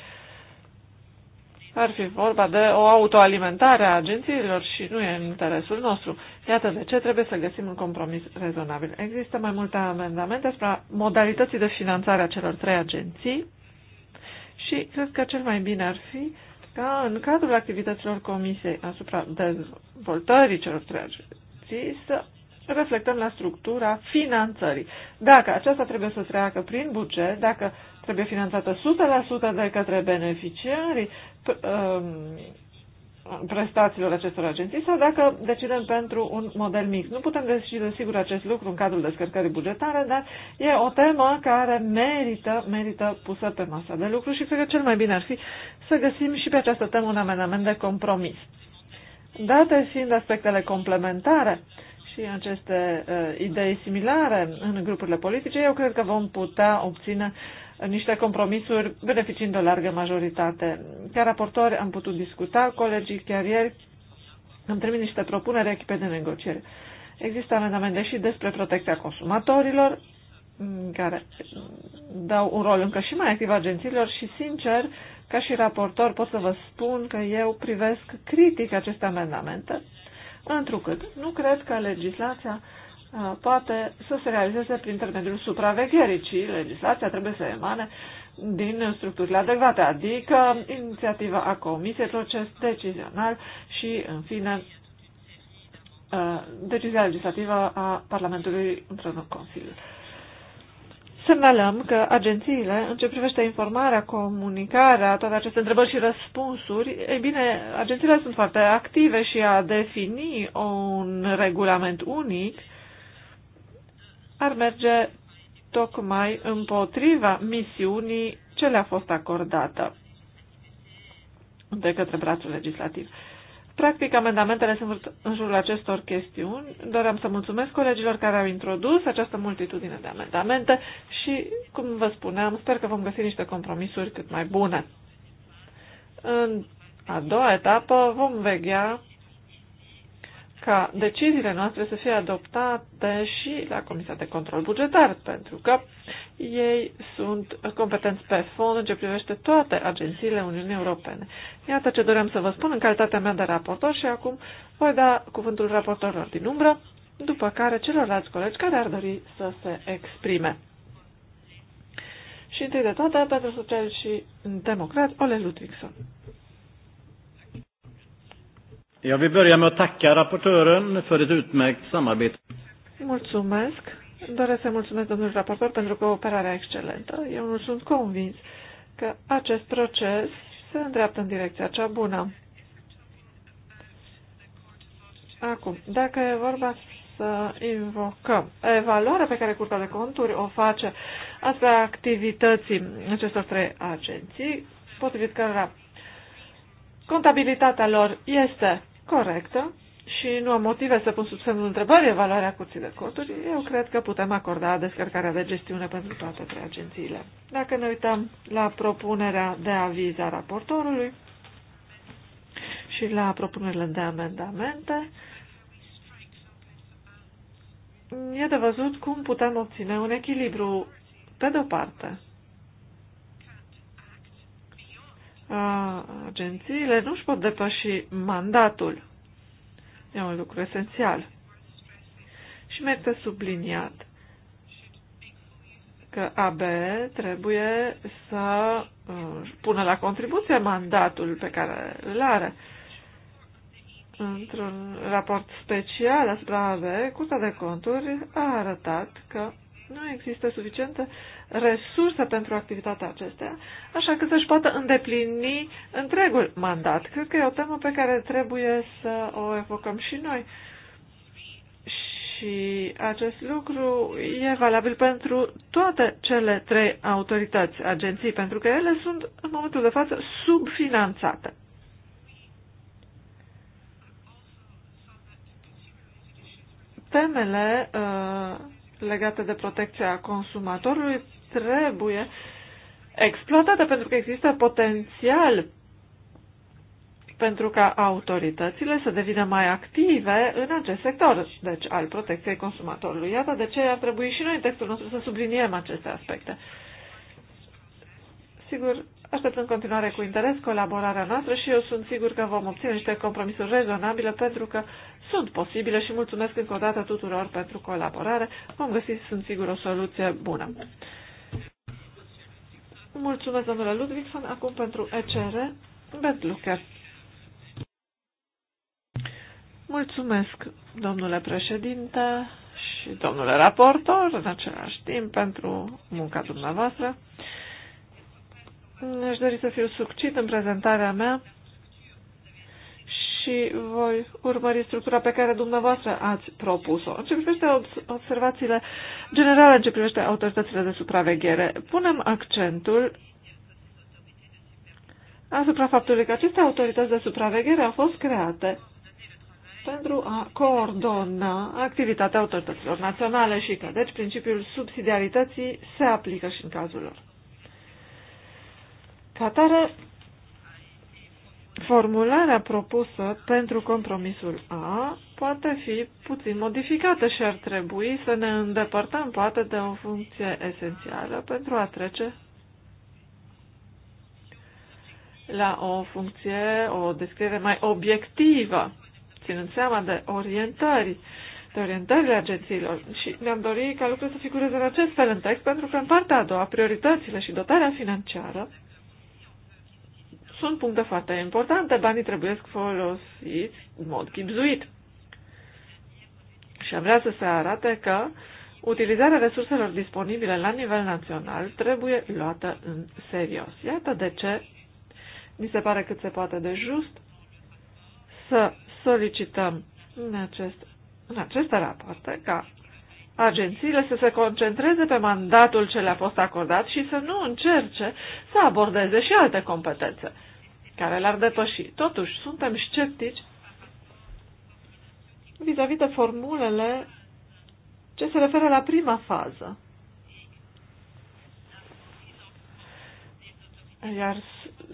ar fi vorba de o autoalimentare a agențiilor și nu e în interesul nostru. Iată de ce trebuie să găsim un compromis rezonabil. Există mai multe amendamente asupra modalității de finanțare a celor trei agenții și cred că cel mai bine ar fi ca în cadrul activităților Comisiei asupra dezvoltării celor trei agenții să reflectăm la structura finanțării. Dacă aceasta trebuie să treacă prin buget, dacă trebuie finanțată 100% de către beneficiarii. Um, prestațiilor acestor agenții sau dacă decidem pentru un model mix. Nu putem decide sigur acest lucru în cadrul descărcării bugetare, dar e o temă care merită, merită pusă pe masa de lucru și cred că cel mai bine ar fi să găsim și pe această temă un amendament de compromis. Date fiind aspectele complementare și aceste uh, idei similare în grupurile politice, eu cred că vom putea obține uh, niște compromisuri beneficiind de o largă majoritate. Ca raportori am putut discuta, colegii chiar ieri am trimis niște propuneri echipe de negociere. Există amendamente și despre protecția consumatorilor, mm, care dau un rol încă și mai activ agențiilor și, sincer, ca și raportor pot să vă spun că eu privesc critic aceste amendamente, întrucât nu cred că legislația poate să se realizeze prin intermediul supravegherii, ci legislația trebuie să emane din structurile adecvate, adică inițiativa a comisiei, proces decizional și, în fine, decizia legislativă a Parlamentului într-un Consiliu. Semnalăm că agențiile, în ce privește informarea, comunicarea, toate aceste întrebări și răspunsuri, ei bine, agențiile sunt foarte active și a defini un regulament unic uh, ar merge tocmai împotriva misiunii ce le-a fost acordată de către brațul legislativ. Practic, amendamentele sunt în jurul acestor chestiuni. Doream să mulțumesc colegilor care au introdus această multitudine de amendamente și, cum vă spuneam, sper că vom găsi niște compromisuri cât mai bune. În a doua etapă vom veghea ca deciziile noastre să fie adoptate și la Comisia de Control Bugetar, pentru că ei sunt competenți pe fond în ce privește toate agențiile Uniunii Europene. Iată ce doream să vă spun în calitatea mea de raportor și acum voi da cuvântul raportorilor din umbră, după care celorlalți colegi care ar dori să se exprime. Și întâi de toate, pentru social și democrat, Ole Ludvigson. Jag vill börja med att tacka rapportören för ett utmärkt samarbete. Mulțumesc. Doresc să mulțumesc domnul raportor pentru cooperarea excelentă. Eu nu sunt convins că acest proces se îndreaptă în direcția cea bună. Acum, dacă e vorba să invocăm evaluarea pe care Curtea de Conturi o face asupra activității acestor trei agenții, potrivit cărora contabilitatea lor este corectă și nu am motive să pun sub semnul întrebării evaluarea curții de conturi, eu cred că putem acorda descărcarea de gestiune pentru toate trei agențiile. Dacă ne uităm la propunerea de aviz a raportorului și la propunerile de amendamente, e de văzut cum putem obține un echilibru, pe de-o parte, agențiile nu își pot depăși mandatul. E un lucru esențial. Și merită subliniat că AB trebuie să uh, pună la contribuție mandatul pe care îl are. Într-un raport special asupra AB, Curtea de Conturi a arătat că nu există suficientă resursă pentru activitatea acestea, așa că să-și poată îndeplini întregul mandat. Cred că e o temă pe care trebuie să o evocăm și noi. Și acest lucru e valabil pentru toate cele trei autorități, agenții, pentru că ele sunt, în momentul de față, subfinanțate. Temele uh, legate de protecția consumatorului trebuie exploatate pentru că există potențial pentru ca autoritățile să devină mai active în acest sector, deci al protecției consumatorului. Iată de ce ar trebui și noi în textul nostru să subliniem aceste aspecte. Sigur, aștept în continuare cu interes colaborarea noastră și eu sunt sigur că vom obține niște compromisuri rezonabile pentru că sunt posibile și mulțumesc încă o dată tuturor pentru colaborare. Vom găsi, sunt sigur, o soluție bună. Mulțumesc, domnule Ludvigson. Acum pentru ECR, Bert Lucker. Mulțumesc, domnule președinte și domnule raportor, în același timp, pentru munca dumneavoastră. Aș dori să fiu succint în prezentarea mea și voi urmări structura pe care dumneavoastră ați propus-o. În ce privește observațiile generale, în ce privește autoritățile de supraveghere, punem accentul asupra faptului că aceste autorități de supraveghere au fost create pentru a coordona activitatea autorităților naționale și că, deci, principiul subsidiarității se aplică și în cazul lor. Ca formularea propusă pentru compromisul A poate fi puțin modificată și ar trebui să ne îndepărtăm poate de o funcție esențială pentru a trece la o funcție, o descriere mai obiectivă, ținând seama de orientări, de orientările agențiilor. Și ne-am dorit ca lucrurile să figureze în acest fel în text, pentru că în partea a doua, prioritățile și dotarea financiară sunt puncte foarte importante. Banii trebuie folosiți în mod chipzuit. Și am vrea să se arate că utilizarea resurselor disponibile la nivel național trebuie luată în serios. Iată de ce mi se pare cât se poate de just să solicităm în, acest, în acest raport ca agențiile să se concentreze pe mandatul ce le-a fost acordat și să nu încerce să abordeze și alte competențe care le-ar depăși. Totuși, suntem sceptici vis-a-vis -vis de formulele ce se referă la prima fază. Iar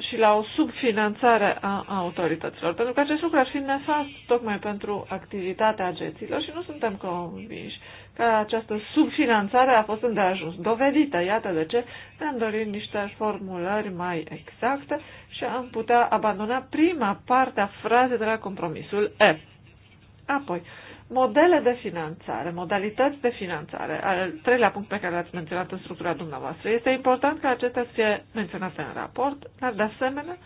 și la o subfinanțare a autorităților, pentru că acest lucru ar fi nefast tocmai pentru activitatea agențiilor și nu suntem convinși că această subfinanțare a fost îndeajuns dovedită. Iată de ce ne-am dorit niște formulări mai exacte și am putea abandona prima parte a frazei de la compromisul E. Apoi, uh, modele de finanțare, modalități de finanțare, al treilea punct pe care l-ați menționat în structura dumneavoastră, este important ca acestea să fie menționate în raport, dar de asemenea,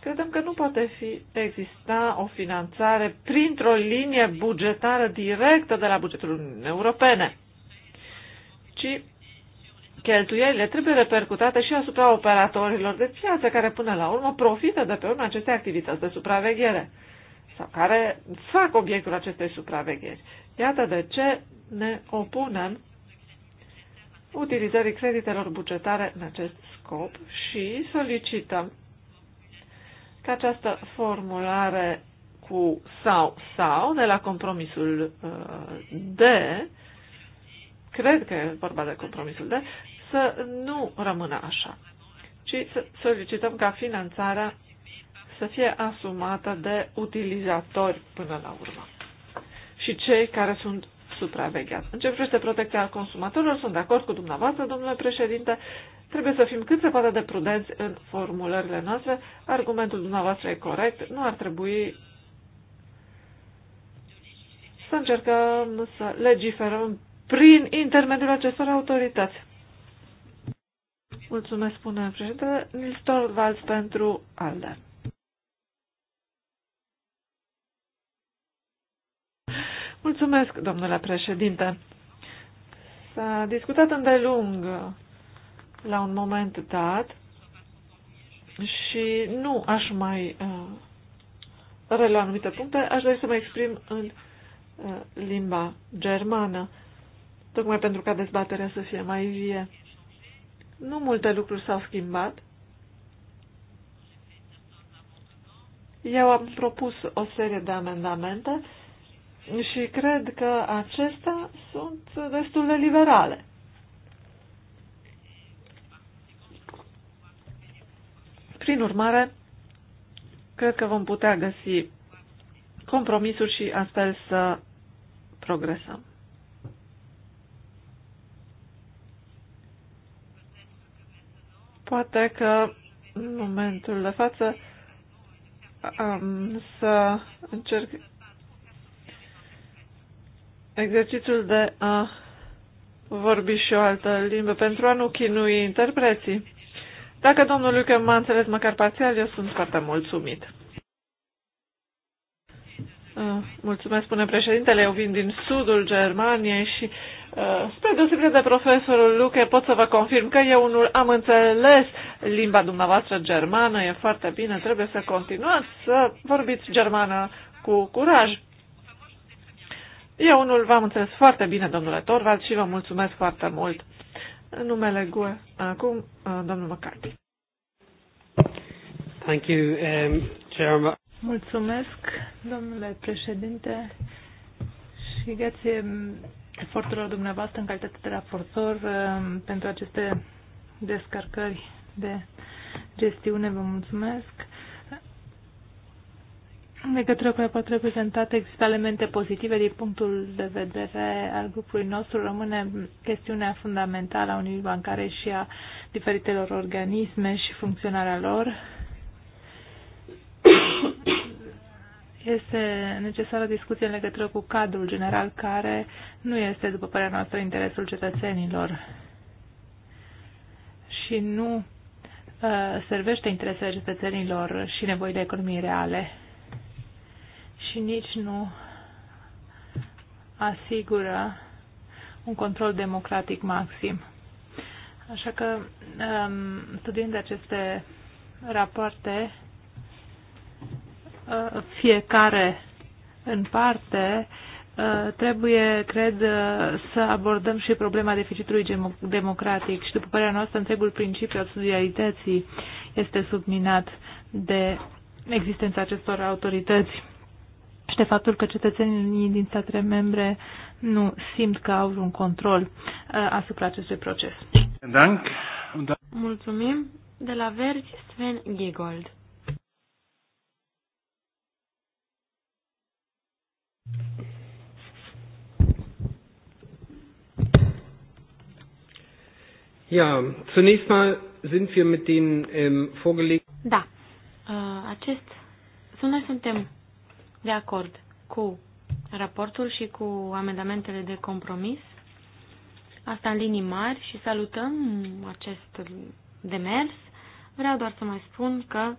credem că nu poate fi exista o finanțare printr-o linie bugetară directă de la bugetul Uniunii Europene, ci cheltuielile trebuie repercutate și asupra operatorilor de piață care până la urmă profită de pe urma acestei activități de supraveghere sau care fac obiectul acestei supravegheri. Iată de ce ne opunem utilizării creditelor bugetare în acest scop și solicităm ca această formulare cu sau sau de la compromisul uh, D, cred că e vorba de compromisul D, să nu rămână așa, ci să solicităm ca finanțarea să fie asumată de utilizatori până la urmă și cei care sunt supravegheați. În ce privește protecția consumatorilor, sunt de acord cu dumneavoastră, domnule președinte, trebuie să fim cât se poate de prudenți în formulările noastre. Argumentul dumneavoastră e corect, nu ar trebui să încercăm să legiferăm prin intermediul acestor autorități. Mulțumesc, spune președinte Nils Torvalds pentru Alden. Mulțumesc, domnule președinte. S-a discutat îndelung uh, la un moment dat și nu aș mai uh, relua anumite puncte, aș dori să mă exprim în uh, limba germană, tocmai pentru ca dezbaterea să fie mai vie. Nu multe lucruri s-au schimbat. Eu am propus o serie de amendamente și cred că acestea sunt destul de liberale. Prin urmare, cred că vom putea găsi compromisuri și astfel să progresăm. Poate că în momentul de față să încerc exercițiul de a vorbi și o altă limbă pentru a nu chinui interpreții. Dacă domnul Lucă m-a înțeles măcar parțial, eu sunt foarte mulțumit. Uh, mulțumesc, spune președintele. Eu vin din sudul Germaniei și, uh, spre deosebire de profesorul Luche, pot să vă confirm că eu unul am înțeles limba dumneavoastră germană. E foarte bine, trebuie să continuați să vorbiți germană cu curaj. Eu unul v-am înțeles foarte bine, domnule Torvald, și vă mulțumesc foarte mult. În numele GUE, acum, uh, domnul McCarthy. Thank you, um, Chairman. Mulțumesc, domnule președinte, și grație eforturilor dumneavoastră în calitate de raportor um, pentru aceste descărcări de gestiune. Vă mulțumesc. În legătură cu raportul reprezentat, există elemente pozitive din punctul de vedere al grupului nostru. Rămâne chestiunea fundamentală a Uniunii Bancare și a diferitelor organisme și funcționarea lor. Este necesară discuție în legătură cu cadrul general care nu este, după părerea noastră, interesul cetățenilor și nu uh, servește interesele cetățenilor și nevoile economiei reale și nici nu asigură un control democratic maxim. Așa că, um, studiind aceste rapoarte, uh, fiecare în parte, uh, trebuie, cred, uh, să abordăm și problema deficitului democratic și, după părerea noastră, întregul principiu al subsidiarității este subminat de existența acestor autorități cunoaște faptul că cetățenii din statele membre nu simt că au un control uh, asupra acestui proces. Mulțumim. De la Verzi, Sven Giegold. Ja, zunächst mal sind wir mit den ähm, vorgelegten. Da, äh, acest. Noi suntem de acord cu raportul și cu amendamentele de compromis, asta în linii mari și salutăm acest demers. Vreau doar să mai spun că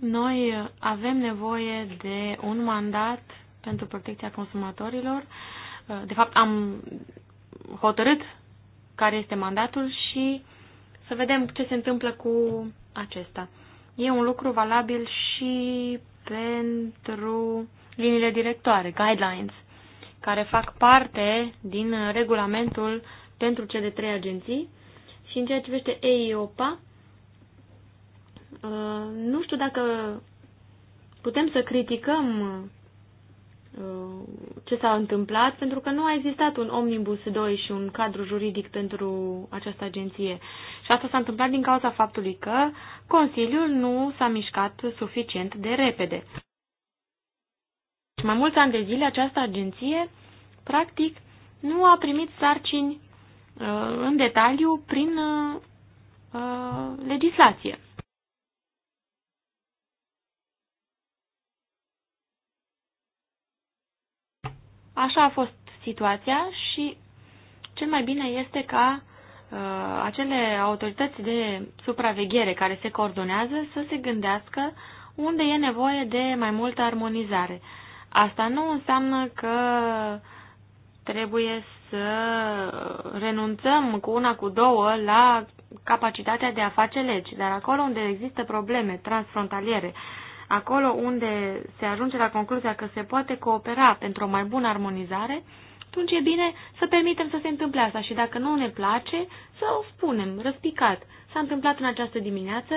noi avem nevoie de un mandat pentru protecția consumatorilor. De fapt, am hotărât care este mandatul și să vedem ce se întâmplă cu acesta e un lucru valabil și pentru liniile directoare, guidelines, care fac parte din regulamentul pentru cele trei agenții. Și în ceea ce privește EIOPA, uh, nu știu dacă putem să criticăm Uh, ce s-a întâmplat, pentru că nu a existat un omnibus 2 și un cadru juridic pentru această agenție. Și asta s-a întâmplat din cauza faptului că Consiliul nu s-a mișcat suficient de repede. Și mai mulți ani de zile această agenție, practic, nu a primit sarcini uh, în detaliu prin uh, legislație. Așa a fost situația și cel mai bine este ca uh, acele autorități de supraveghere care se coordonează să se gândească unde e nevoie de mai multă armonizare. Asta nu înseamnă că trebuie să renunțăm cu una, cu două la capacitatea de a face legi, dar acolo unde există probleme transfrontaliere Acolo unde se ajunge la concluzia că se poate coopera pentru o mai bună armonizare, atunci e bine să permitem să se întâmple asta și dacă nu ne place, să o spunem răspicat. S-a întâmplat în această dimineață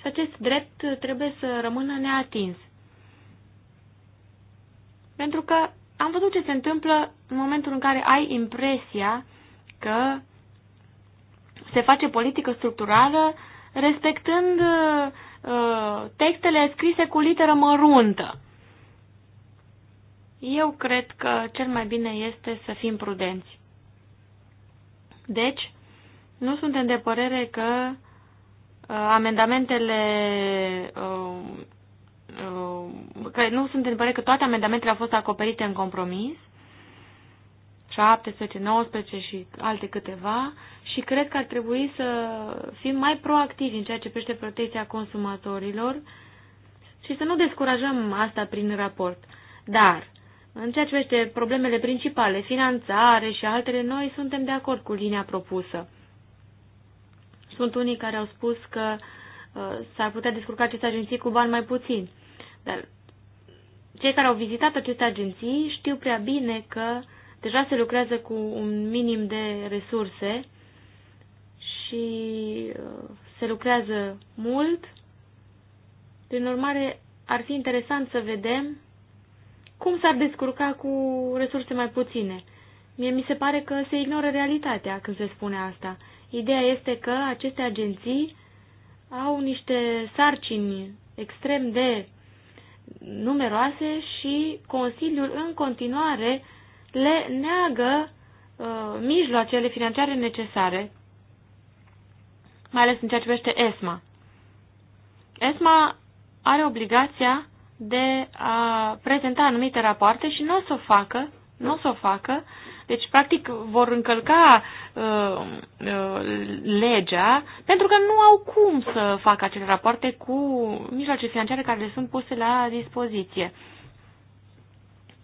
și acest drept trebuie să rămână neatins. Pentru că am văzut ce se întâmplă în momentul în care ai impresia că se face politică structurală respectând uh, Uh, textele scrise cu literă măruntă. Eu cred că cel mai bine este să fim prudenți. Deci, nu suntem de părere că uh, amendamentele uh, că nu suntem de părere că toate amendamentele au fost acoperite în compromis 17, 19 și alte câteva și cred că ar trebui să fim mai proactivi în ceea ce privește protecția consumatorilor și să nu descurajăm asta prin raport. Dar, în ceea ce privește problemele principale, finanțare și altele, noi suntem de acord cu linia propusă. Sunt unii care au spus că uh, s-ar putea descurca aceste agenții cu bani mai puțin. Dar cei care au vizitat aceste agenții știu prea bine că uh, Deja se lucrează cu un minim de resurse și uh, se lucrează mult. Prin urmare, ar fi interesant să vedem cum s-ar descurca cu resurse mai puține. Mie mi se pare că se ignoră realitatea când se spune asta. Ideea este că aceste agenții au niște sarcini extrem de numeroase și Consiliul în continuare le neagă uh, mijloacele financiare necesare, mai ales în ceea ce privește ESMA. ESMA are obligația de a prezenta anumite rapoarte și nu o să o facă, nu o să o facă, deci practic vor încălca uh, uh, legea pentru că nu au cum să facă acele rapoarte cu mijloace financiare care le sunt puse la dispoziție. Uh,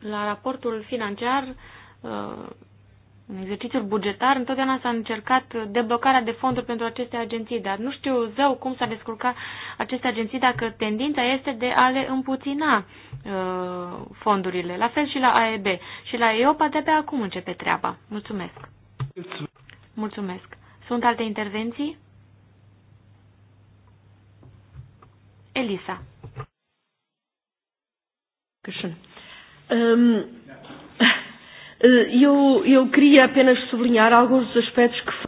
la raportul financiar, în uh, exercițiul bugetar, întotdeauna s-a încercat deblocarea de fonduri pentru aceste agenții, dar nu știu zău cum s-a descurcat aceste agenții dacă tendința este de a le împuțina uh, fondurile. La fel și la AEB. Și la EOPA de pe acum începe treaba. Mulțumesc. Mulțumesc. Sunt alte intervenții? Elisa. Cășun. Um, eu, eu queria apenas sublinhar alguns dos aspectos que.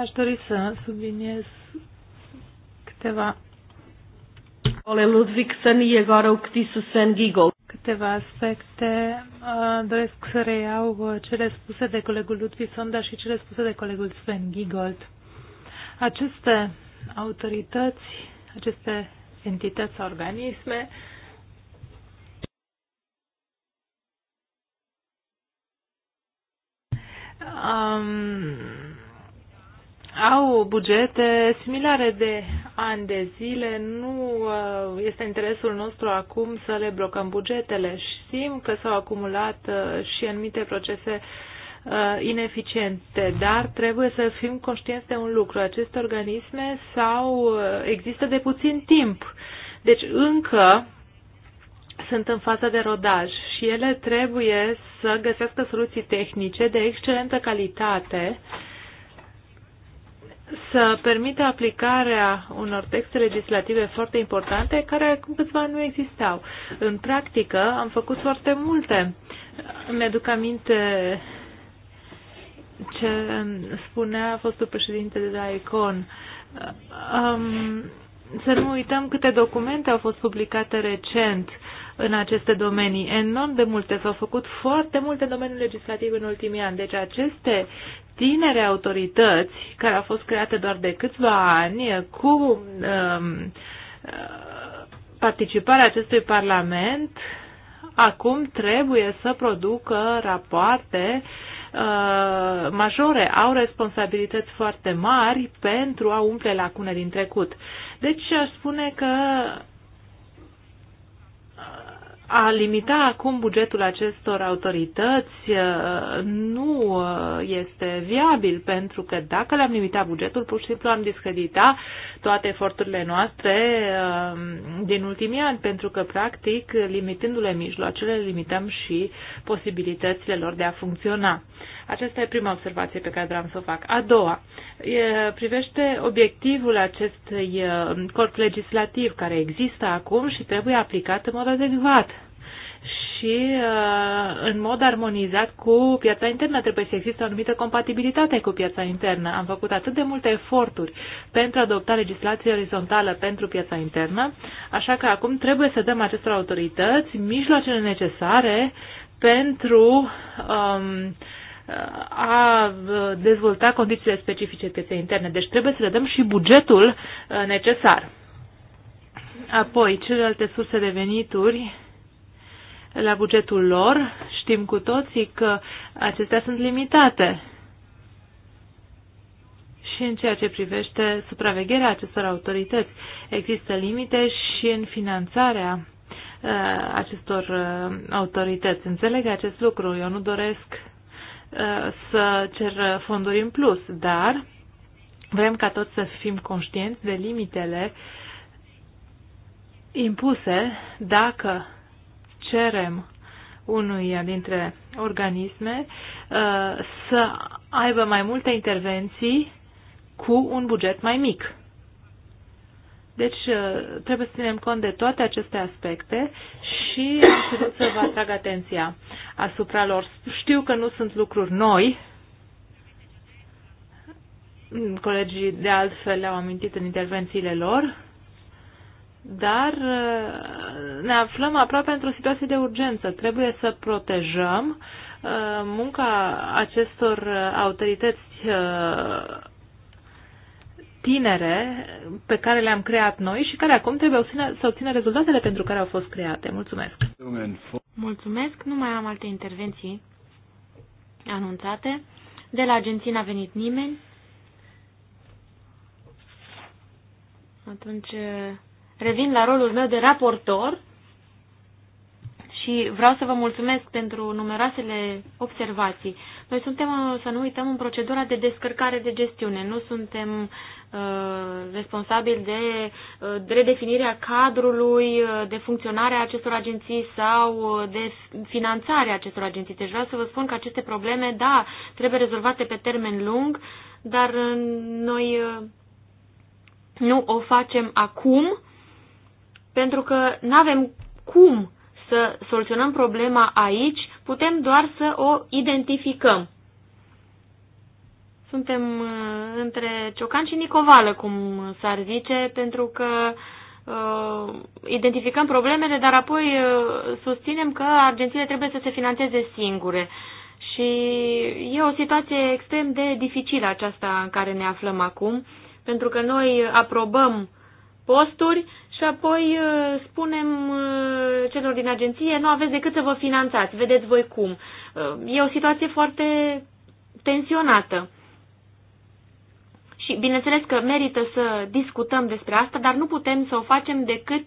Aș dori să subliniez câteva. Ole Ludwig Sani, agora o que disse San Giggle. Câteva aspecte. Doresc să reiau uh, cele spuse de colegul Ludwig dar și cele spuse de colegul Sven Giggold. Aceste autorități, aceste entități, organisme, uh, um, au bugete similare de ani de zile. Nu uh, este interesul nostru acum să le blocăm bugetele. Știm că s-au acumulat uh, și anumite procese uh, ineficiente, dar trebuie să fim conștienți de un lucru. Aceste organisme sau există de puțin timp. Deci încă sunt în fază de rodaj și ele trebuie să găsească soluții tehnice de excelentă calitate să permită aplicarea unor texte legislative foarte importante care acum câțiva nu existau. În practică am făcut foarte multe. Mi-aduc aminte ce spunea fostul președinte de la ICON. Um, să nu uităm câte documente au fost publicate recent în aceste domenii. Enorm de multe s-au făcut foarte multe domenii legislative în ultimii ani. Deci aceste tinere autorități care au fost create doar de câțiva ani cu uh, participarea acestui Parlament acum trebuie să producă rapoarte uh, majore, au responsabilități foarte mari pentru a umple lacune din trecut. Deci aș spune că a limita acum bugetul acestor autorități uh, nu uh, este viabil, pentru că dacă le-am limitat bugetul, pur și simplu am discredita toate eforturile noastre uh, din ultimii ani, pentru că, practic, limitându-le mijloacele, limităm și posibilitățile lor de a funcționa. Aceasta e prima observație pe care vreau să o fac. A doua, privește obiectivul acestui corp legislativ care există acum și trebuie aplicat în mod adecvat și în mod armonizat cu piața internă. Trebuie să existe o anumită compatibilitate cu piața internă. Am făcut atât de multe eforturi pentru a adopta legislație orizontală pentru piața internă, așa că acum trebuie să dăm acestor autorități mijloacele necesare pentru um, a dezvolta condițiile specifice pieței interne. Deci trebuie să le dăm și bugetul uh, necesar. Apoi, celelalte surse de venituri la bugetul lor, știm cu toții că acestea sunt limitate. Și în ceea ce privește supravegherea acestor autorități, există limite și în finanțarea uh, acestor uh, autorități. Înțeleg acest lucru. Eu nu doresc să cer fonduri în plus, dar vrem ca toți să fim conștienți de limitele impuse dacă cerem unuia dintre organisme uh, să aibă mai multe intervenții cu un buget mai mic. Deci uh, trebuie să ținem cont de toate aceste aspecte și am să vă atrag atenția asupra lor. Știu că nu sunt lucruri noi, colegii de altfel le-au amintit în intervențiile lor, dar uh, ne aflăm aproape într-o situație de urgență. Trebuie să protejăm uh, munca acestor autorități tinere pe care le-am creat noi și care acum trebuie să obțină rezultatele pentru care au fost create. Mulțumesc! Mulțumesc! Nu mai am alte intervenții anunțate. De la agenții n-a venit nimeni. Atunci eh, revin la rolul meu de raportor și vreau să vă mulțumesc pentru numeroasele observații. Noi suntem, uh, să nu uităm, în procedura de descărcare de gestiune. Nu suntem uh, responsabili de uh, redefinirea cadrului, uh, de a acestor agenții sau uh, de finanțarea acestor agenții. Deci vreau să vă spun că aceste probleme, da, trebuie rezolvate pe termen lung, dar noi uh, nu o facem acum pentru că nu avem cum să soluționăm problema aici putem doar să o identificăm. Suntem uh, între Ciocan și Nicovală, cum s-ar zice, pentru că uh, identificăm problemele, dar apoi uh, susținem că agențiile trebuie să se financeze singure. Și e o situație extrem de dificilă aceasta în care ne aflăm acum, pentru că noi aprobăm posturi și apoi uh, spunem uh, celor din agenție, nu aveți decât să vă finanțați, vedeți voi cum. Uh, e o situație foarte tensionată. Și bineînțeles că merită să discutăm despre asta, dar nu putem să o facem decât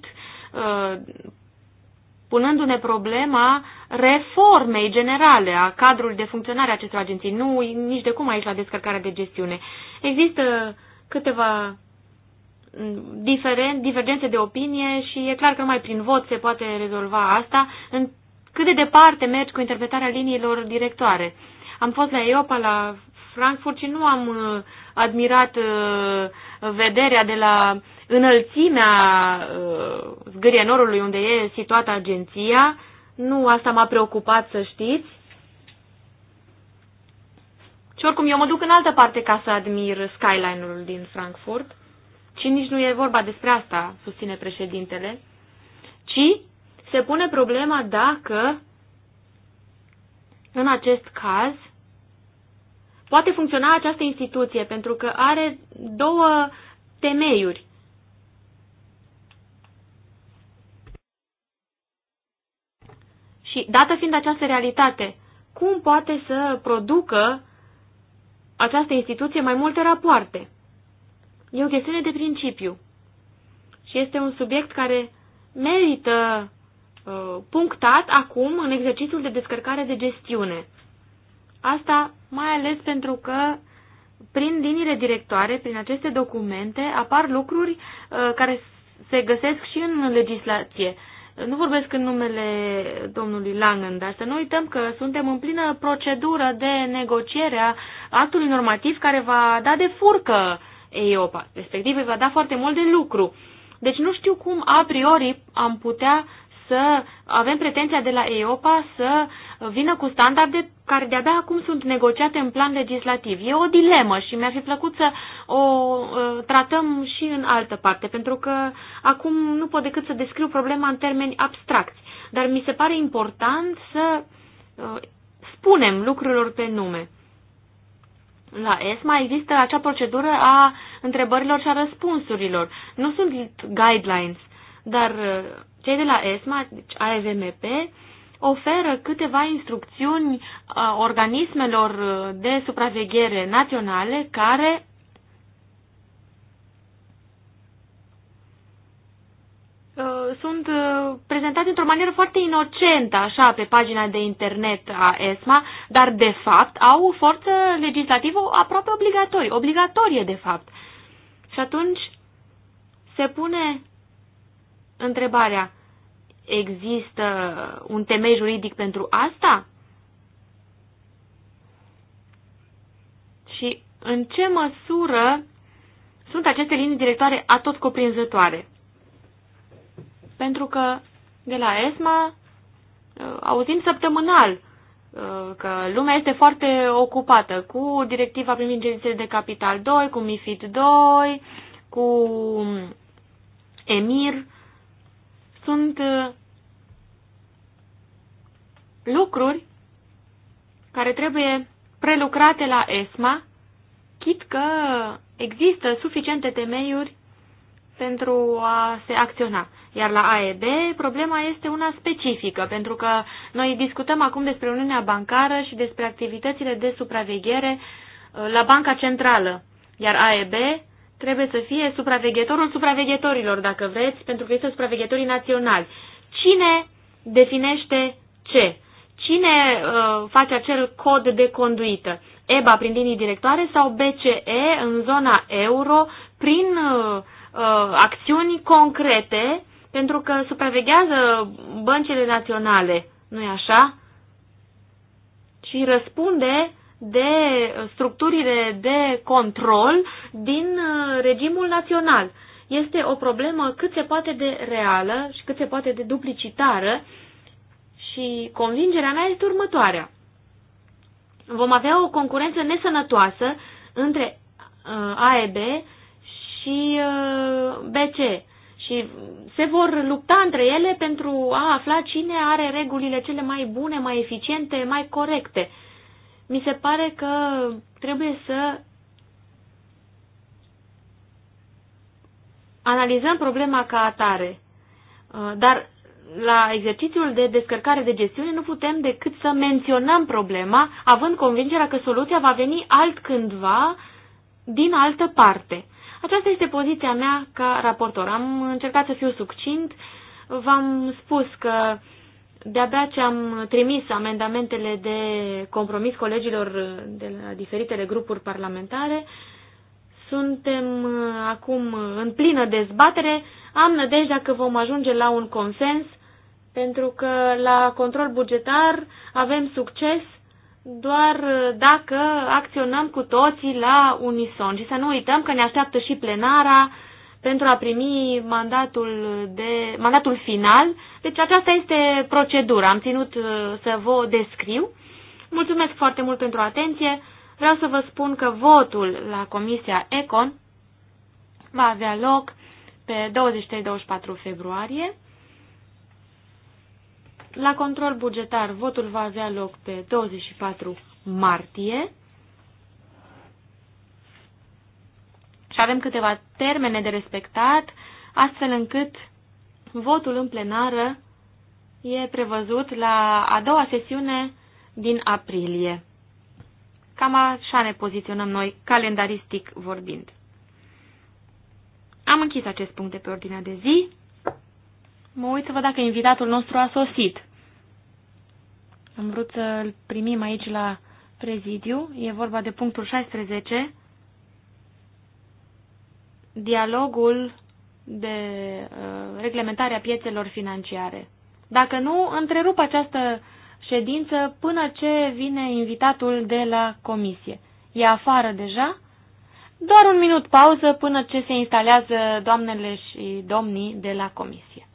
punându-ne problema reformei generale a cadrului de funcționare a acestor agenții, nu nici de cum aici la descărcarea de gestiune. Există câteva diferen, divergențe de opinie și e clar că numai prin vot se poate rezolva asta, în cât de departe mergi cu interpretarea liniilor directoare. Am fost la Europa la Frankfurt și nu am uh, admirat uh, vederea de la înălțimea uh, zgârienorului unde e situată agenția. Nu asta m-a preocupat, să știți. Și oricum, eu mă duc în altă parte ca să admir skyline-ul din Frankfurt ci nici nu e vorba despre asta, susține președintele, ci se pune problema dacă, în acest caz, poate funcționa această instituție, pentru că are două temeiuri. Și, dată fiind această realitate, cum poate să producă această instituție mai multe rapoarte? E o chestiune de principiu și este un subiect care merită uh, punctat acum în exercițiul de descărcare de gestiune. Asta mai ales pentru că prin liniile directoare, prin aceste documente, apar lucruri uh, care se găsesc și în legislație. Nu vorbesc în numele domnului Langen, dar să nu uităm că suntem în plină procedură de negociere a actului normativ care va da de furcă EIOPA. Respectiv, îi va da foarte mult de lucru. Deci nu știu cum a priori am putea să avem pretenția de la EIOPA să vină cu standarde care de-abia acum sunt negociate în plan legislativ. E o dilemă și mi-ar fi plăcut să o uh, tratăm și în altă parte, pentru că acum nu pot decât să descriu problema în termeni abstracti. Dar mi se pare important să uh, spunem lucrurilor pe nume la ESMA există acea procedură a întrebărilor și a răspunsurilor. Nu sunt guidelines, dar uh, cei de la ESMA, deci AEVMP, oferă câteva instrucțiuni uh, organismelor uh, de supraveghere naționale care Uh, sunt uh, prezentate într-o manieră foarte inocentă, așa, pe pagina de internet a ESMA, dar, de fapt, au forță legislativă aproape obligatorie, obligatorie, de fapt. Și atunci se pune întrebarea, există un temei juridic pentru asta? Și în ce măsură sunt aceste linii directoare atot cuprinzătoare? pentru că de la ESMA uh, auzim săptămânal uh, că lumea este foarte ocupată cu directiva privind cerințele de capital 2, cu MIFID 2, cu EMIR. Sunt uh, lucruri care trebuie prelucrate la ESMA, chit că există suficiente temeiuri pentru a se acționa. Iar la AEB problema este una specifică, pentru că noi discutăm acum despre Uniunea Bancară și despre activitățile de supraveghere uh, la Banca Centrală. Iar AEB trebuie să fie supraveghetorul supraveghetorilor, dacă vreți, pentru că este supraveghetorii naționali. Cine definește ce? Cine uh, face acel cod de conduită? EBA prin linii directoare sau BCE în zona euro prin uh, uh acțiuni concrete pentru că supraveghează băncile naționale, nu-i așa? Și răspunde de structurile de control din uh, regimul național. Este o problemă cât se poate de reală și cât se poate de duplicitară și convingerea mea este următoarea. Vom avea o concurență nesănătoasă între uh, AEB și uh, BC și se vor lupta între ele pentru a afla cine are regulile cele mai bune, mai eficiente, mai corecte. Mi se pare că trebuie să analizăm problema ca atare, uh, dar la exercițiul de descărcare de gestiune nu putem decât să menționăm problema, având convingerea că soluția va veni altcândva din altă parte. Aceasta este poziția mea ca raportor. Am încercat să fiu succint. V-am spus că de-abia ce am trimis amendamentele de compromis colegilor de la diferitele grupuri parlamentare, suntem acum în plină dezbatere. Am nădejdea că vom ajunge la un consens, pentru că la control bugetar avem succes doar uh, dacă acționăm cu toții la unison și să nu uităm că ne așteaptă și plenara pentru a primi mandatul, de, mandatul final. Deci aceasta este procedura. Am ținut uh, să vă descriu. Mulțumesc foarte mult pentru atenție. Vreau să vă spun că votul la Comisia Econ va avea loc pe 23-24 februarie. La control bugetar, votul va avea loc pe 24 martie. Și avem câteva termene de respectat, astfel încât votul în plenară e prevăzut la a doua sesiune din aprilie. Cam așa ne poziționăm noi, calendaristic vorbind. Am închis acest punct de pe ordinea de zi. Mă uit să văd dacă invitatul nostru a sosit. Am vrut să-l primim aici la prezidiu. E vorba de punctul 16. Dialogul de uh, reglementare a piețelor financiare. Dacă nu, întrerup această ședință până ce vine invitatul de la comisie. E afară deja? Doar un minut pauză până ce se instalează doamnele și domnii de la comisie.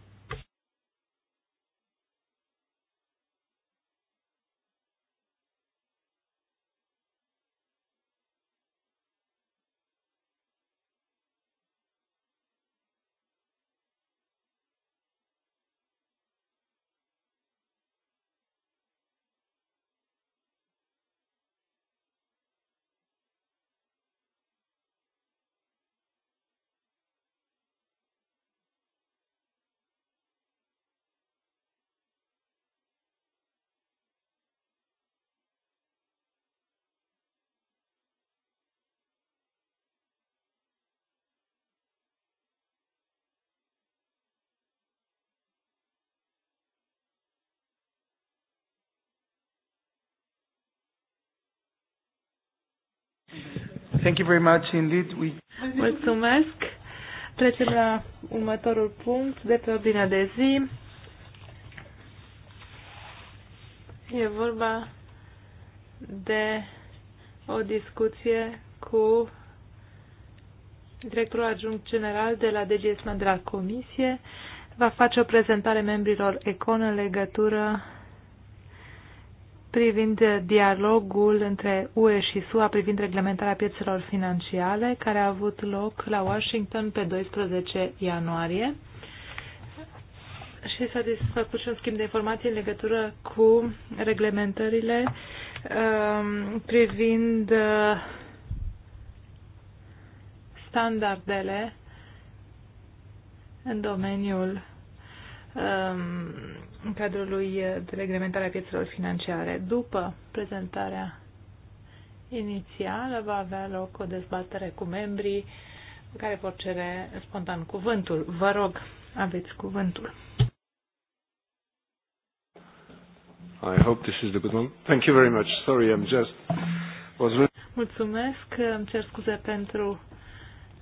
Thank you very much indeed. We... Mulțumesc. Trecem la următorul punct de pe ordinea de zi. E vorba de o discuție cu directorul adjunct general de la DGS de la Comisie. Va face o prezentare membrilor ECON în legătură privind dialogul între UE și SUA privind reglementarea piețelor financiare, care a avut loc la Washington pe 12 ianuarie. Și s-a făcut și un schimb de informații în legătură cu reglementările um, privind uh, standardele în domeniul um, în lui de reglementare a piețelor financiare. După prezentarea inițială va avea loc o dezbatere cu membrii care vor cere spontan cuvântul. Vă rog, aveți cuvântul. I hope this is the good one. Thank you very much. Sorry, I'm just... Was... Mulțumesc, îmi cer scuze pentru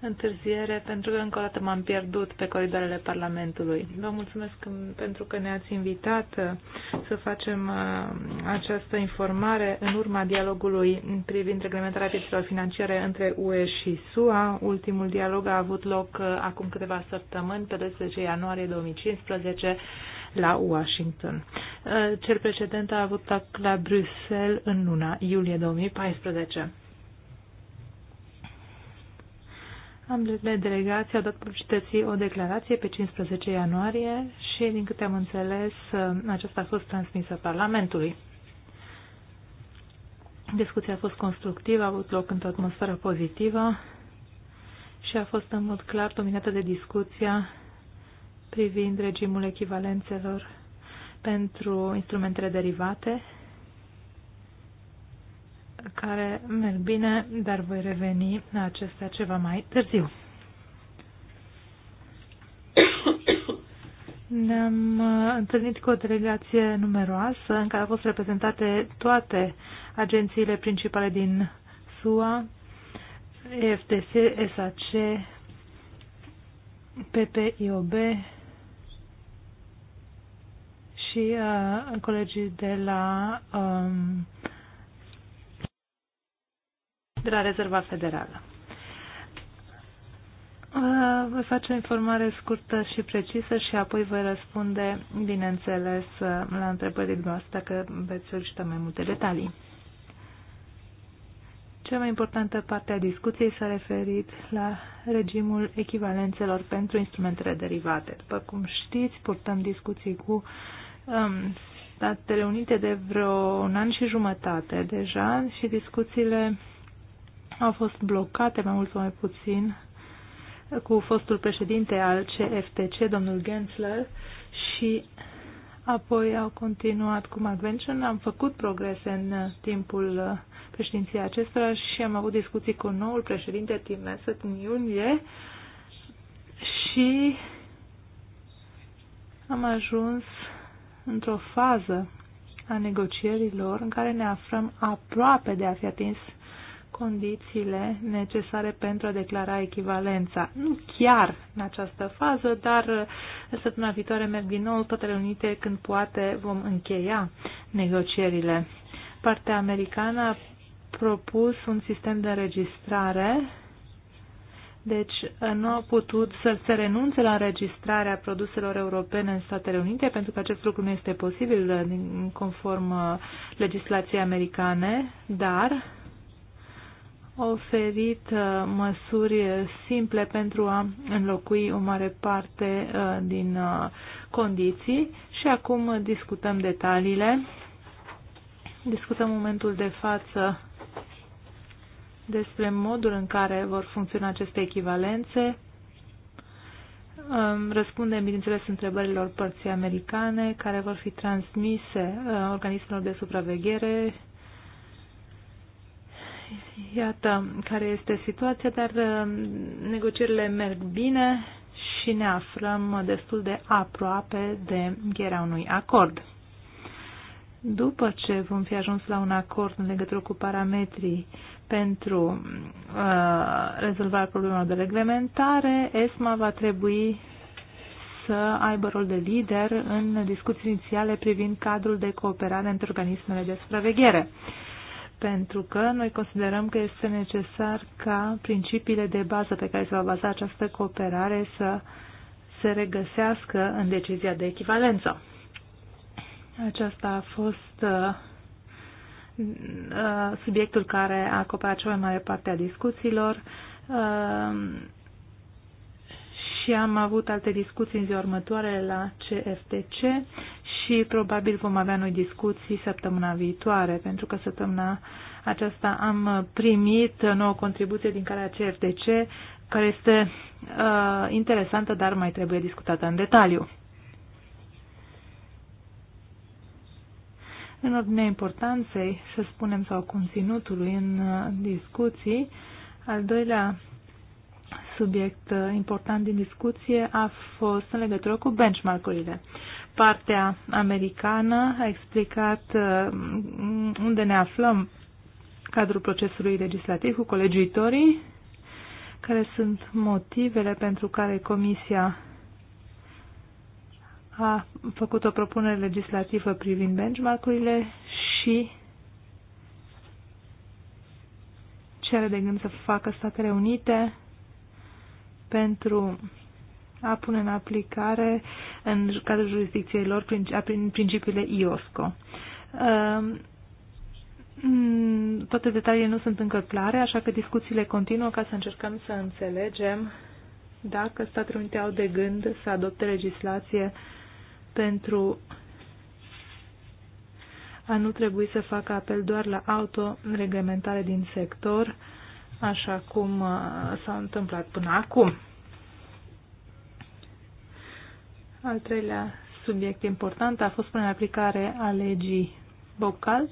întârziere pentru că încă o dată m-am pierdut pe coridoarele Parlamentului. Vă mulțumesc pentru că ne-ați invitat uh, să facem uh, această informare în urma dialogului privind reglementarea piețelor financiare între UE și SUA. Ultimul dialog a avut loc uh, acum câteva săptămâni, pe 12 ianuarie 2015 la Washington. Cel precedent a avut loc la Bruxelles în luna iulie 2014. Ambele delegații au dat publicității o declarație pe 15 ianuarie și, din câte am înțeles, aceasta a fost transmisă Parlamentului. Discuția a fost constructivă, a avut loc într-o atmosferă pozitivă și a fost în mod clar dominată de discuția privind regimul echivalențelor pentru instrumentele derivate care merg bine, dar voi reveni la acestea ceva mai târziu. Ne-am uh, întâlnit cu o delegație numeroasă în care au fost reprezentate toate agențiile principale din SUA, EFTC, SAC, PPIOB și uh, colegii de la um, de la Rezerva Federală. Uh, Vă face o informare scurtă și precisă și apoi voi răspunde, bineînțeles, uh, la întrebările noastre dacă veți solicita mai multe detalii. Cea mai importantă parte a discuției s-a referit la regimul echivalențelor pentru instrumentele derivate. După cum știți, purtăm discuții cu um, Statele Unite de vreo un an și jumătate deja și discuțiile au fost blocate mai mult sau mai puțin cu fostul președinte al CFTC, domnul Gensler, și apoi au continuat cu McVention. Am făcut progrese în timpul președinției acestora și am avut discuții cu noul președinte Tim Messett în iunie și am ajuns într-o fază a negocierilor în care ne aflăm aproape de a fi atins uh, condițiile necesare pentru a declara echivalența. Nu chiar în această fază, dar uh, săptămâna viitoare merg din nou toate reunite când poate vom încheia negocierile. Partea americană a propus un sistem de înregistrare deci uh, nu au putut să se renunțe la înregistrarea produselor europene în Statele Unite pentru că acest lucru nu este posibil uh, conform legislației americane, dar oferit uh, măsuri simple pentru a înlocui o mare parte uh, din uh, condiții și acum discutăm detaliile. Discutăm momentul de față despre modul în care vor funcționa aceste echivalențe. Răspundem, bineînțeles, întrebărilor părții americane care vor fi transmise organismelor de supraveghere Iată care este situația, dar uh, negocierile merg bine și ne aflăm destul de aproape de încheierea unui acord. După ce vom fi ajuns la un acord în legătură cu parametrii pentru uh, rezolvarea problemelor de reglementare, ESMA va trebui să aibă rol de lider în discuții inițiale privind cadrul de cooperare între organismele de supraveghere. Uh, pentru că noi considerăm că este necesar ca principiile de bază pe care se va baza această cooperare să se regăsească în decizia de echivalență. Aceasta a fost uh, uh, subiectul care a acoperat cea mai mare parte a discuțiilor uh, și am avut alte discuții în ziua următoare la CFTC și probabil vom avea noi discuții săptămâna viitoare, pentru că săptămâna aceasta am primit nouă contribuție din care CFDC, care este uh, interesantă, dar mai trebuie discutată în detaliu. În ordinea importanței, să spunem, sau conținutului în uh, discuții, al doilea subiect uh, important din discuție a fost în legătură cu benchmark-urile partea americană a explicat uh, unde ne aflăm în cadrul procesului legislativ cu colegiuitorii, care sunt motivele pentru care Comisia a făcut o propunere legislativă privind benchmark-urile și ce are de gând să facă Statele Unite pentru a pune în aplicare în cadrul jurisdicției lor prin principiile IOSCO. Um, mm, toate detaliile nu sunt încă clare, așa că discuțiile continuă ca să încercăm să înțelegem dacă Statele Unite au de gând să adopte legislație pentru a nu trebui să facă apel doar la autoreglementare din sector, așa cum uh, s-a întâmplat până acum. Al treilea subiect important a fost până în aplicare a legii vocal.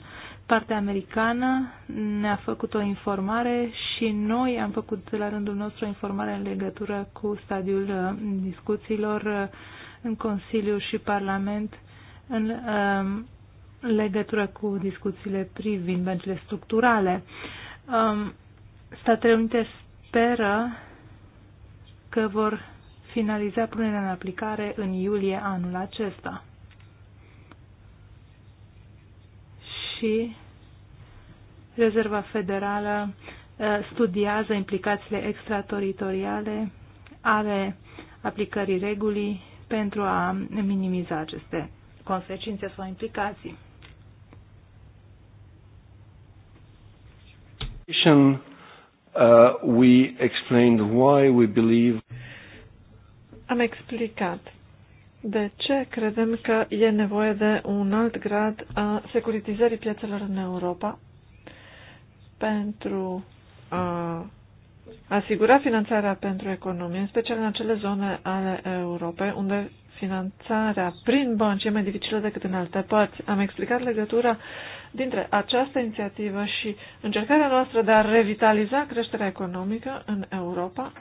Partea americană ne-a făcut o informare și noi am făcut la rândul nostru o informare în legătură cu stadiul uh, discuțiilor uh, în Consiliu și Parlament în um, legătură cu discuțiile privind băncile structurale. Um, Statele Unite speră că vor finaliza punerea în aplicare în iulie anul acesta. Și Rezerva Federală eh, studiază implicațiile extrateritoriale ale aplicării regulii pentru a minimiza aceste consecințe sau implicații. Uh, we explained why we believe am explicat de ce credem că e nevoie de un alt grad a securitizării piețelor în Europa pentru a asigura finanțarea pentru economie, în special în acele zone ale Europei unde finanțarea prin bănci e mai dificilă decât în alte părți. Am explicat legătura dintre această inițiativă și încercarea noastră de a revitaliza creșterea economică în Europa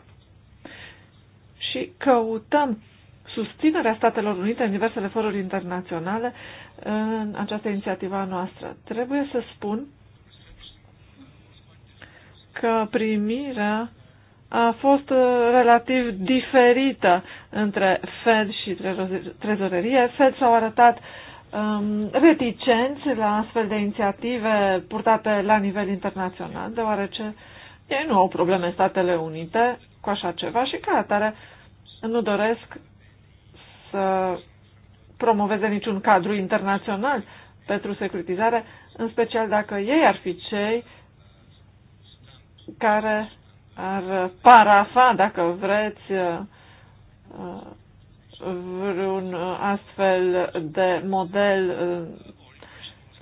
și căutăm susținerea Statelor Unite în diversele foruri internaționale în această inițiativă a noastră. Trebuie să spun că primirea a fost uh, relativ diferită între Fed și trezorerie. Fed s-au arătat um, reticenți la astfel de inițiative purtate la nivel internațional, deoarece ei nu au probleme în Statele Unite cu așa ceva și ca atare uh, nu doresc să promoveze niciun cadru internațional pentru securitizare, în special dacă ei ar fi cei care ar parafa, dacă vreți, uh, vreun astfel de model uh,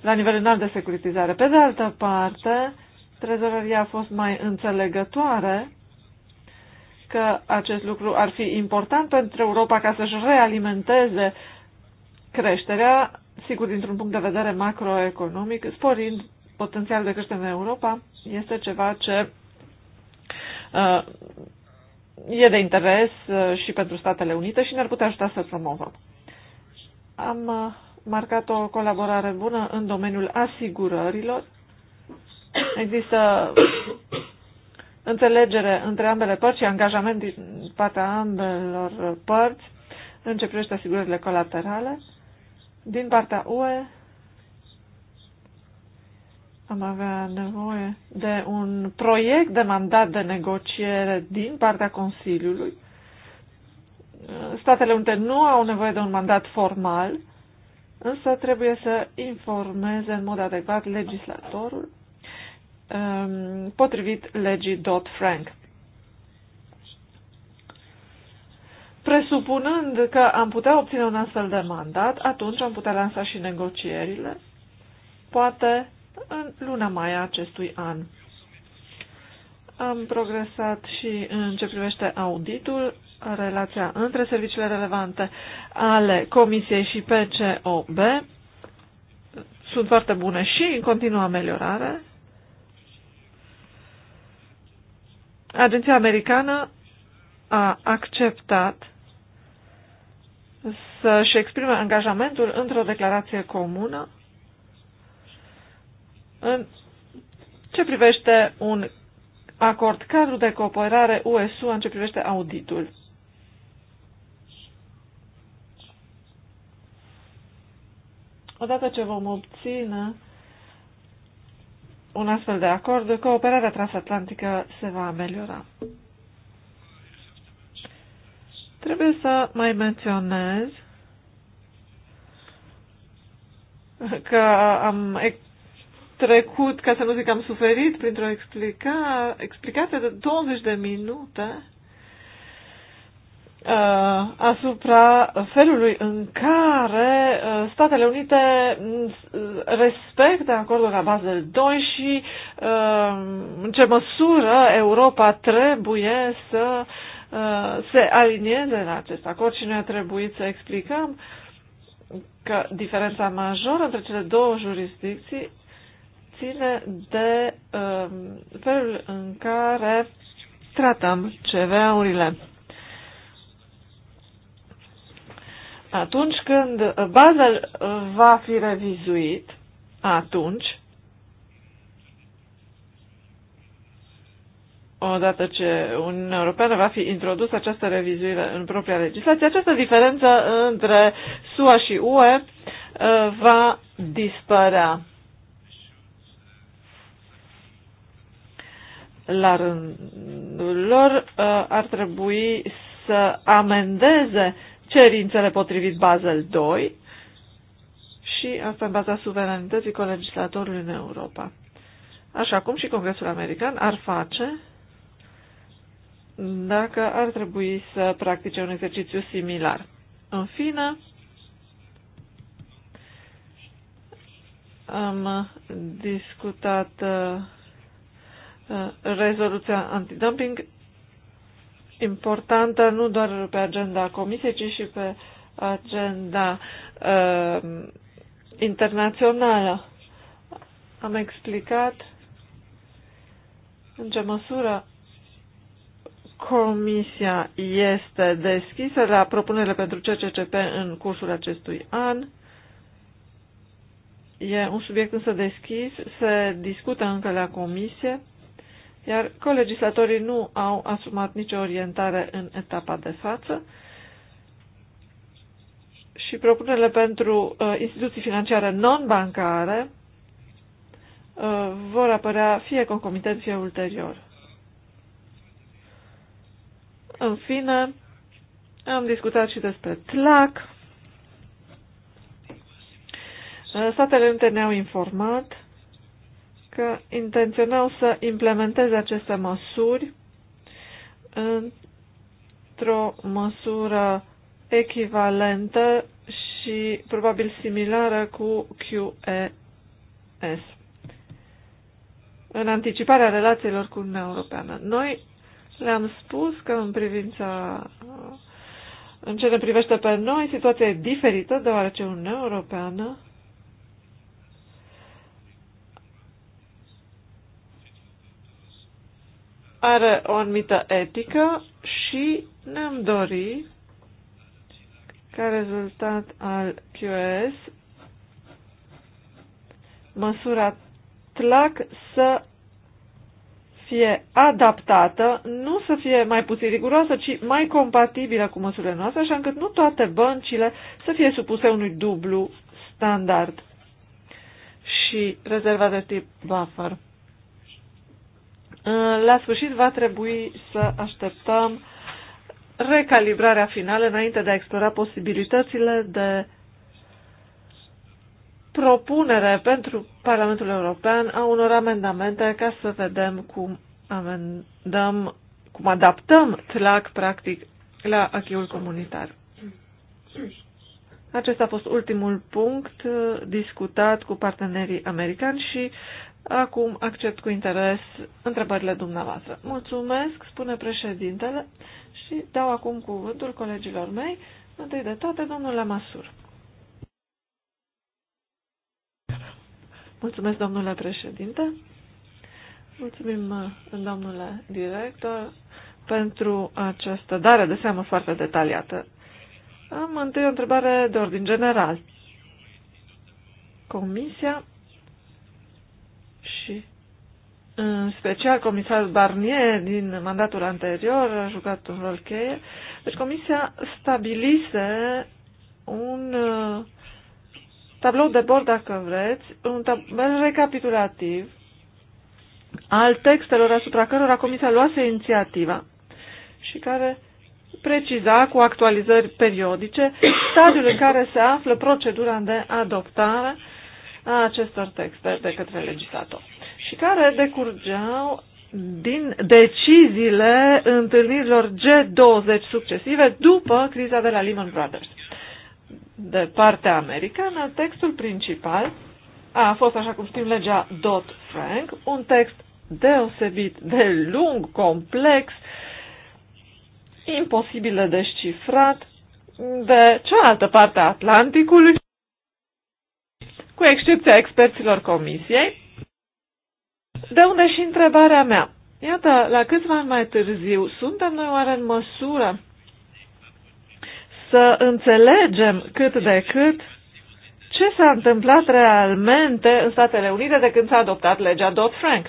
la nivel înalt de securitizare. Pe de altă parte, trezoreria a fost mai înțelegătoare că acest lucru ar fi important pentru Europa ca să-și realimenteze creșterea, sigur, dintr-un punct de vedere macroeconomic, sporind potențialul de creștere în Europa, este ceva ce uh, e de interes uh, și pentru Statele Unite și ne-ar putea ajuta să promovăm. Am uh, marcat o colaborare bună în domeniul asigurărilor. Există înțelegere între ambele părți și angajament din partea ambelor părți în ce privește asigurările colaterale. Din partea UE am avea nevoie de un proiect de mandat de negociere din partea Consiliului. Statele Unite nu au nevoie de un mandat formal, însă trebuie să informeze în mod adecvat legislatorul Um, potrivit legii Dodd-Frank. Presupunând că am putea obține un astfel de mandat, atunci am putea lansa și negocierile, poate în luna mai a acestui an. Am progresat și în ce privește auditul, relația între serviciile relevante ale Comisiei și PCOB. Sunt foarte bune și în continuă ameliorare. Agenția americană a acceptat să-și exprime angajamentul într-o declarație comună în ce privește un acord cadru de cooperare USU în ce privește auditul. Odată ce vom obține un astfel de acord, cooperarea transatlantică se va ameliora. Trebuie să mai menționez că am trecut, ca să nu zic am suferit, printr-o explica, explicație de 20 de minute Uh, asupra felului în care uh, Statele Unite mm, respectă acordul la bază 2 și uh, în ce măsură Europa trebuie să se alinieze la acest acord și noi a trebuit să explicăm că diferența majoră între cele două jurisdicții ține de felul în care tratăm cv urile Atunci când uh, baza uh, va fi revizuit, atunci, odată ce Uniunea Europeană va fi introdusă această revizuire în propria legislație, această diferență între SUA și UE uh, va dispărea. La rândul lor ar trebui să amendeze cerințele potrivit Basel II și asta în baza suveranității colegislatorului în Europa. Așa cum și Congresul American ar face dacă ar trebui să practice un exercițiu similar. În fine, am discutat uh, uh, rezoluția antidumping importantă nu doar pe agenda Comisiei, ci și pe agenda uh, internațională. Am explicat în ce măsură Comisia este deschisă la propunerile pentru CCCP în cursul acestui an. E un subiect însă deschis, se discută încă la Comisie iar colegislatorii nu au asumat nicio orientare în etapa de față și propunerile pentru uh, instituții financiare non-bancare uh, vor apărea fie concomitent, fie ulterior. În fine, am discutat și despre TLAC. Uh, Statele Unite ne-au informat că intenționau să implementeze aceste măsuri într-o măsură echivalentă și probabil similară cu QES. În anticiparea relațiilor cu Uniunea Europeană. Noi le-am spus că în privința în ce ne privește pe noi, situația e diferită, deoarece Uniunea Europeană are o anumită etică și ne-am dori ca rezultat al QS măsura TLAC să fie adaptată, nu să fie mai puțin riguroasă, ci mai compatibilă cu măsurile noastre, așa încât nu toate băncile să fie supuse unui dublu standard și rezerva de tip buffer. La sfârșit va trebui să așteptăm recalibrarea finală înainte de a explora posibilitățile de propunere pentru Parlamentul European a unor amendamente ca să vedem cum amendăm, cum adaptăm TLAC practic la achiul comunitar. Acesta a fost ultimul punct discutat cu partenerii americani și Acum accept cu interes întrebările dumneavoastră. Mulțumesc, spune președintele, și dau acum cuvântul colegilor mei, întâi de toate domnule Masur. Mulțumesc, domnule președinte. Mulțumim, domnule director, pentru această dare de seamă foarte detaliată. Am întâi o întrebare de ordin general. Comisia în special, comisarul Barnier din mandatul anterior a jucat un rol cheie. Deci comisia stabilise un uh, tablou de bord, dacă vreți, un tabel recapitulativ al textelor asupra cărora comisia luase inițiativa și care preciza cu actualizări periodice stadiul în care se află procedura de adoptare a acestor texte de către legislator și care decurgeau din deciziile întâlnirilor G20 succesive după criza de la Lehman Brothers. De partea americană, textul principal a fost, așa cum știm, legea Dodd-Frank, un text deosebit de lung, complex, imposibil de descifrat de cealaltă parte a Atlanticului, cu excepția experților comisiei, de unde și întrebarea mea. Iată, la câțiva ani mai târziu, suntem noi oare în măsură să înțelegem cât de cât ce s-a întâmplat realmente în Statele Unite de când s-a adoptat legea Dodd-Frank?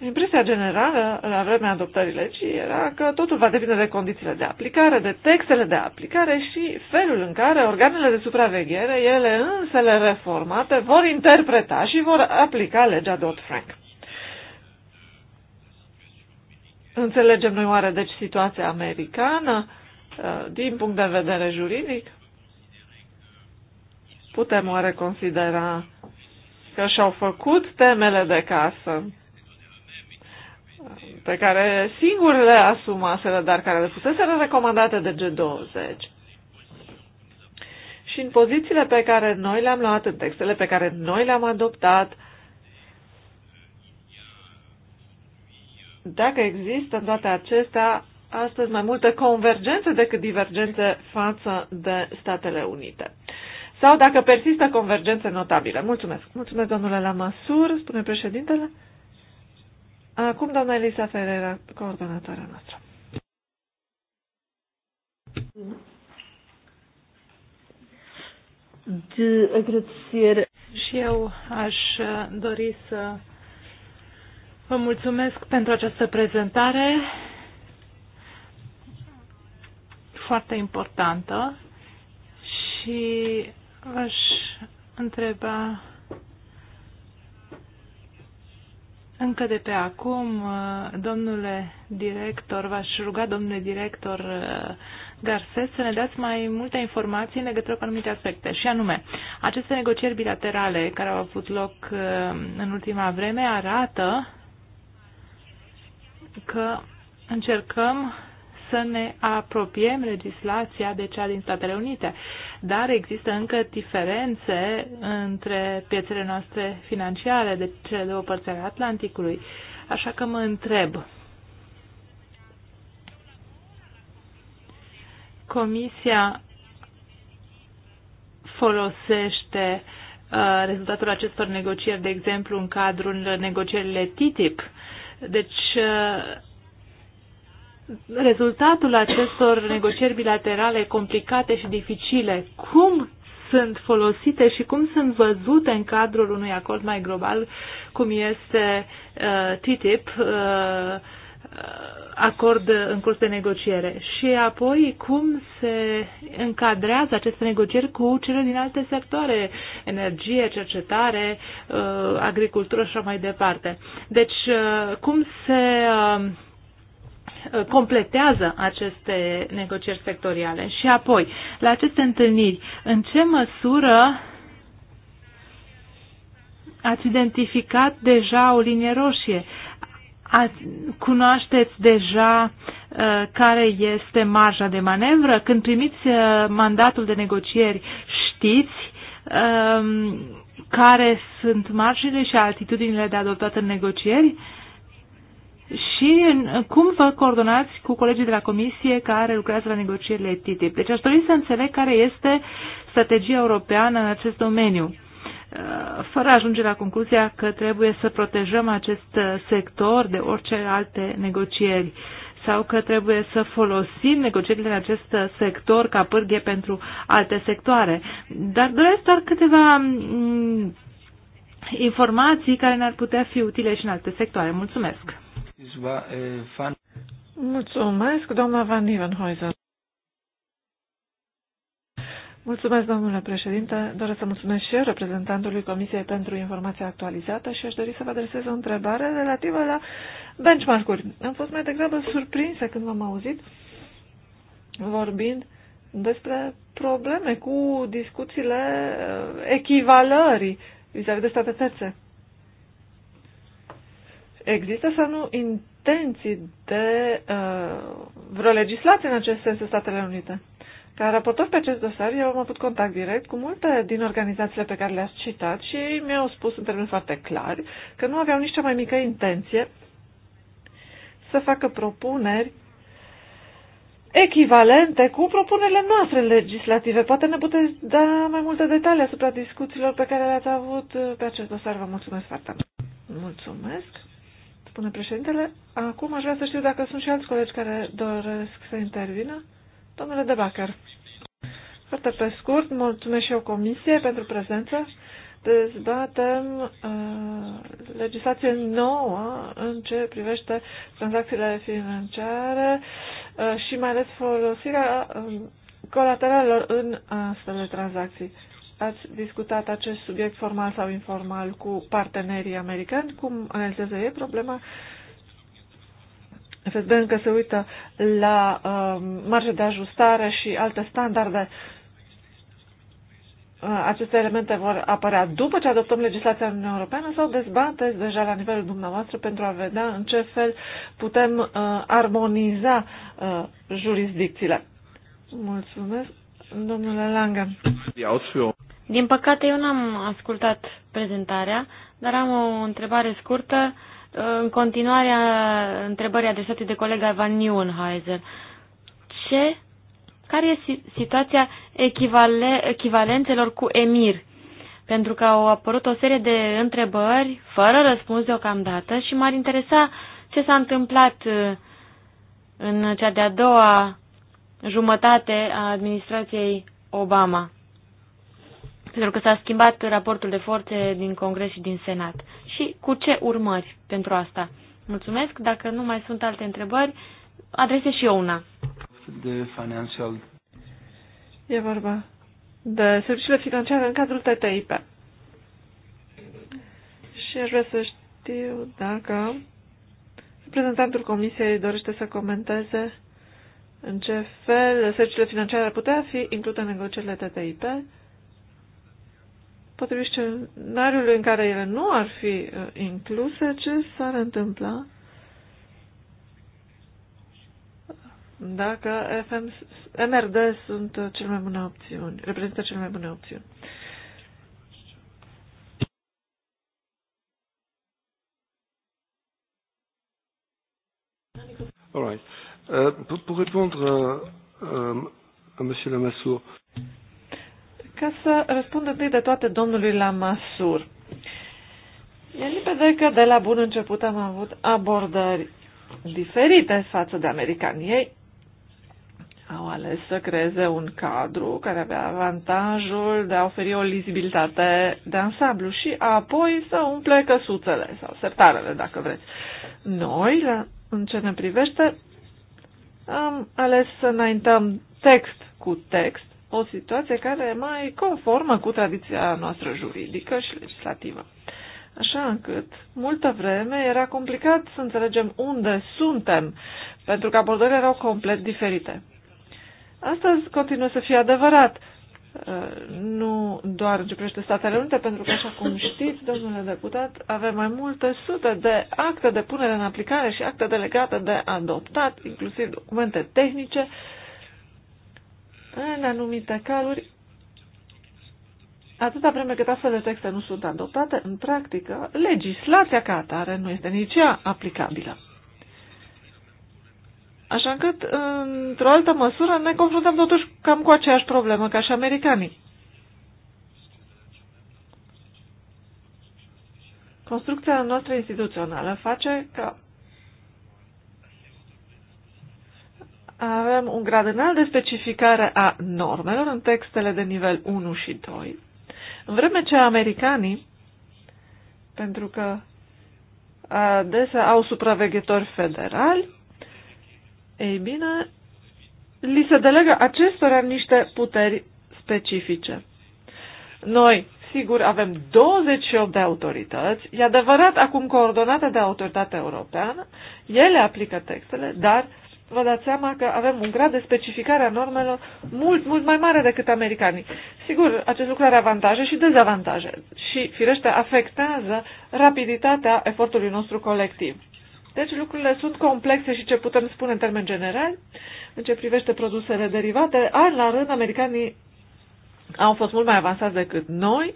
Impresia generală la vremea adoptării legii era că totul va depinde de condițiile de aplicare, de textele de aplicare și felul în care organele de supraveghere, ele însele reformate, vor interpreta și vor aplica legea Dodd-Frank. Înțelegem noi oare deci situația americană uh, din punct de vedere juridic? Putem oare considera că și-au făcut temele de casă? pe care singur le asumaseră, dar care le fuseseră recomandate de G20. Și în pozițiile pe care noi le-am luat, în textele pe care noi le-am adoptat, dacă există în toate acestea astăzi mai multă convergență decât divergențe față de Statele Unite. Sau dacă persistă convergențe notabile. Mulțumesc. Mulțumesc, domnule Lamasur, spune președintele. Acum, doamna Elisa Ferreira, coordonatoarea noastră. De Și eu aș uh, dori să vă mulțumesc pentru această prezentare foarte importantă și aș întreba Încă de pe acum, uh, domnule director, v-aș ruga, domnule director uh, Garces, să ne dați mai multe informații în legătură cu anumite aspecte. Și anume, aceste negocieri bilaterale care au avut loc uh, în ultima vreme arată că încercăm să ne apropiem legislația de cea din Statele Unite, dar există încă diferențe între piețele noastre financiare de cele două părți ale Atlanticului. Așa că mă întreb, Comisia folosește uh, rezultatul acestor negocieri, de exemplu, în cadrul negocierile TTIP. Deci, uh, rezultatul acestor negocieri bilaterale complicate și dificile, cum sunt folosite și cum sunt văzute în cadrul unui acord mai global, cum este uh, TTIP, uh, acord în curs de negociere și apoi cum se încadrează aceste negocieri cu cele din alte sectoare, energie, cercetare, uh, agricultură și așa mai departe. Deci, uh, cum se uh, Uh, completează aceste negocieri sectoriale? Și apoi, la aceste întâlniri, în ce măsură ați identificat deja o linie roșie? Ați, cunoașteți deja uh, care este marja de manevră? Când primiți uh, mandatul de negocieri, știți uh, care sunt marjile și atitudinile de adoptat în negocieri? Uh, și cum vă coordonați cu colegii de la Comisie care lucrează la negocierile TTIP. Deci aș dori să înțeleg care este strategia europeană în acest domeniu uh, fără a ajunge la concluzia că trebuie să protejăm acest uh, sector de orice alte negocieri sau că trebuie să folosim negocierile în acest uh, sector ca pârghie pentru alte sectoare. Dar doresc doar câteva mm, informații care ne-ar putea fi utile și în alte sectoare. Mulțumesc! Mulțumesc, doamna Van Nivenhuizen. Mulțumesc, domnule președinte. Doresc să mulțumesc și eu reprezentantului Comisiei pentru informația actualizată și aș dori să vă adresez o întrebare relativă la benchmark-uri. Am fost mai degrabă surprinsă când v-am auzit vorbind despre probleme cu discuțiile uh, echivalării vis-a-vis de state terțe. Există sau nu intenții de uh, vreo legislație în acest sens în Statele Unite? Ca raportor pe acest dosar, eu am avut contact direct cu multe din organizațiile pe care le-ați citat și mi-au spus în termeni foarte clari că nu aveau nici cea mai mică intenție să facă propuneri echivalente cu propunerile noastre legislative. Poate ne puteți da mai multe detalii asupra discuțiilor pe care le-ați avut pe acest dosar. Vă mulțumesc foarte mult. Mulțumesc spune președintele. Acum aș vrea să știu dacă sunt și alți colegi care doresc să intervină. Domnule De Bacher. Foarte pe scurt, mulțumesc și eu comisie pentru prezență. Dezbatem uh, legislație nouă în ce privește tranzacțiile financiare uh, și mai ales folosirea uh, colateralelor în astfel de tranzacții ați discutat acest subiect formal sau informal cu partenerii americani? Cum analizează ei problema? FSB încă se uită la uh, um, marge de ajustare și alte standarde. Uh, aceste elemente vor apărea după ce adoptăm legislația în Uniunea Europeană sau dezbateți deja la nivelul dumneavoastră pentru a vedea în ce fel putem uh, armoniza uh, jurisdicțiile? Mulțumesc. Domnule Langa. Din păcate eu n-am ascultat prezentarea, dar am o întrebare scurtă în continuarea întrebării adresate de colega Van Nieuwenheiser. Ce, care este situația echivale, echivalențelor cu EMIR? Pentru că au apărut o serie de întrebări fără răspuns deocamdată și m-ar interesa ce s-a întâmplat uh, în cea de-a doua jumătate a administrației Obama. Pentru că s-a schimbat raportul de forțe din Congres și din Senat. Și cu ce urmări pentru asta? Mulțumesc. Dacă nu mai sunt alte întrebări, adrese și eu una. De financial. E vorba de serviciile financiare în cadrul TTIP. Și aș vrea să știu dacă reprezentantul Comisiei dorește să comenteze în ce fel serviciile financiare ar putea fi incluse în negocierile TTIP? Potrivit scenariului în care ele nu ar fi uh, incluse, ce s-ar întâmpla dacă FM, MRD sunt cele mai bune opțiuni, reprezintă cele mai bune opțiuni? All right. Euh, pour, pour répondre euh, euh, à Monsieur Lamassoure. Ca să răspundă întâi de toate domnului Lamassoure. E limpede că de la bun început am avut abordări diferite față de americani. Ei au ales să creeze un cadru care avea avantajul de a oferi o lizibilitate de ansamblu și apoi să umple căsuțele sau sertarele, dacă vreți. Noi, în ce ne privește, am ales să înaintăm text cu text, o situație care e mai conformă cu tradiția noastră juridică și legislativă. Așa încât, multă vreme, era complicat să înțelegem unde suntem, pentru că abordările erau complet diferite. Astăzi continuă să fie adevărat nu doar în ce privește Statele Unite, pentru că, așa cum știți, domnule deputat, avem mai multe sute de acte de punere în aplicare și acte delegate de adoptat, inclusiv documente tehnice, în anumite caluri. Atâta vreme cât astfel de texte nu sunt adoptate, în practică, legislația ca atare nu este nici ea aplicabilă. Așa încât, într-o altă măsură, ne confruntăm totuși cam cu aceeași problemă ca și americanii. Construcția noastră instituțională face ca avem un grad înalt de specificare a normelor în textele de nivel 1 și 2, în vreme ce americanii, pentru că adesea au supraveghetori federali, ei bine, li se delegă acestora niște puteri specifice. Noi, sigur, avem 28 de autorități, e adevărat acum coordonate de autoritatea europeană, ele aplică textele, dar vă dați seama că avem un grad de specificare a normelor mult, mult mai mare decât americanii. Sigur, acest lucru are avantaje și dezavantaje și, firește, afectează rapiditatea efortului nostru colectiv. Deci lucrurile sunt complexe și ce putem spune în termen general, în ce privește produsele derivate, an la rând americanii au fost mult mai avansați decât noi,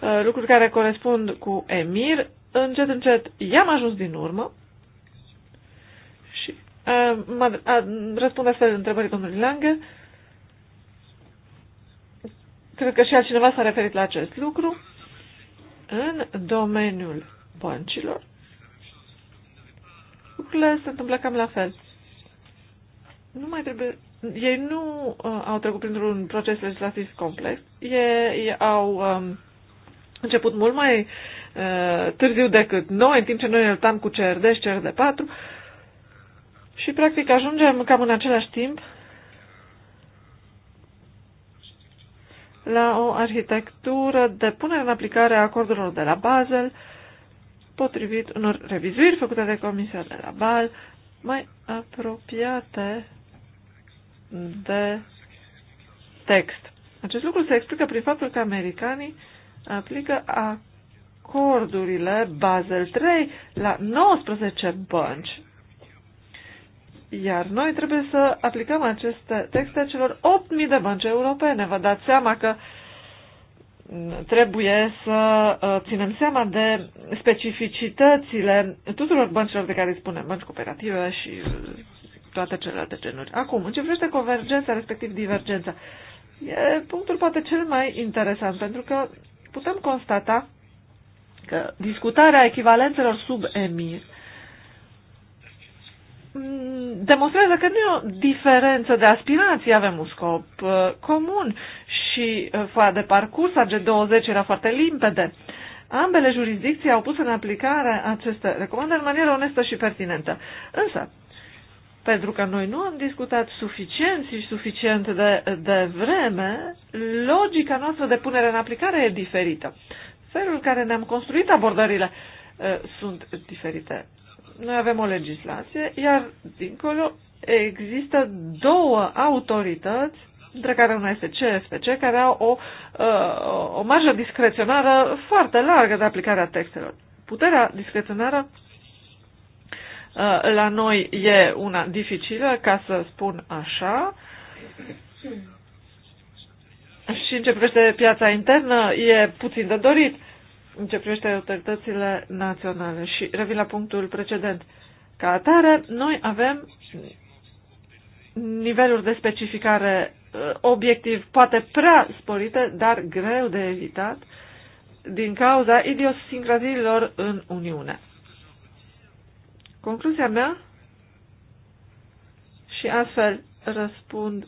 uh, lucruri care corespund cu EMIR. Încet, încet i-am ajuns din urmă și uh, mă răspund astfel întrebării domnului Lange. Cred că și altcineva s-a referit la acest lucru. În domeniul băncilor, lucrurile se întâmplă cam la fel. Nu mai trebuie... Ei nu uh, au trecut printr-un proces legislativ complex. Ei au um, început mult mai uh, târziu decât noi, în timp ce noi luptam cu CRD și CRD4 și practic ajungem cam în același timp la o arhitectură de punere în aplicare a acordurilor de la Basel, uh, potrivit unor revizuiri făcute de Comisia de la BAL mai apropiate de text. Acest lucru se explică prin faptul că americanii aplică acordurile Basel 3 la 19 bănci. Iar noi trebuie să aplicăm aceste texte celor 8.000 de bănci europene. Vă dați seama că uh, trebuie să uh, ținem seama de specificitățile tuturor băncilor de care spunem bănci cooperative și toate celelalte genuri. Acum, în ce privește convergența, respectiv divergența, e punctul poate cel mai interesant, pentru că putem constata că discutarea echivalențelor sub emi demonstrează că nu e o diferență de aspirații, avem un scop uh, comun și uh, foaia de parcurs a 20 era foarte limpede. Ambele jurisdicții au pus în aplicare aceste recomandări în manieră onestă și pertinentă. Însă, pentru că noi nu am discutat suficient și suficient de, de vreme, logica noastră de punere în aplicare e diferită. Felul în care ne-am construit abordările uh, sunt diferite. Noi avem o legislație, iar dincolo există două autorități dintre care una este CFTC, care au o, o, uh, o marjă discreționară foarte largă de aplicare a textelor. Puterea discreționară uh, la noi e una dificilă, ca să spun așa. Și în ce privește piața internă, e puțin de dorit în ce privește autoritățile naționale. Și revin la punctul precedent. Ca atare, noi avem niveluri de specificare Uh, obiectiv poate prea sporite, dar greu de evitat, din cauza idiosincraziilor în Uniune. Concluzia mea, și astfel răspund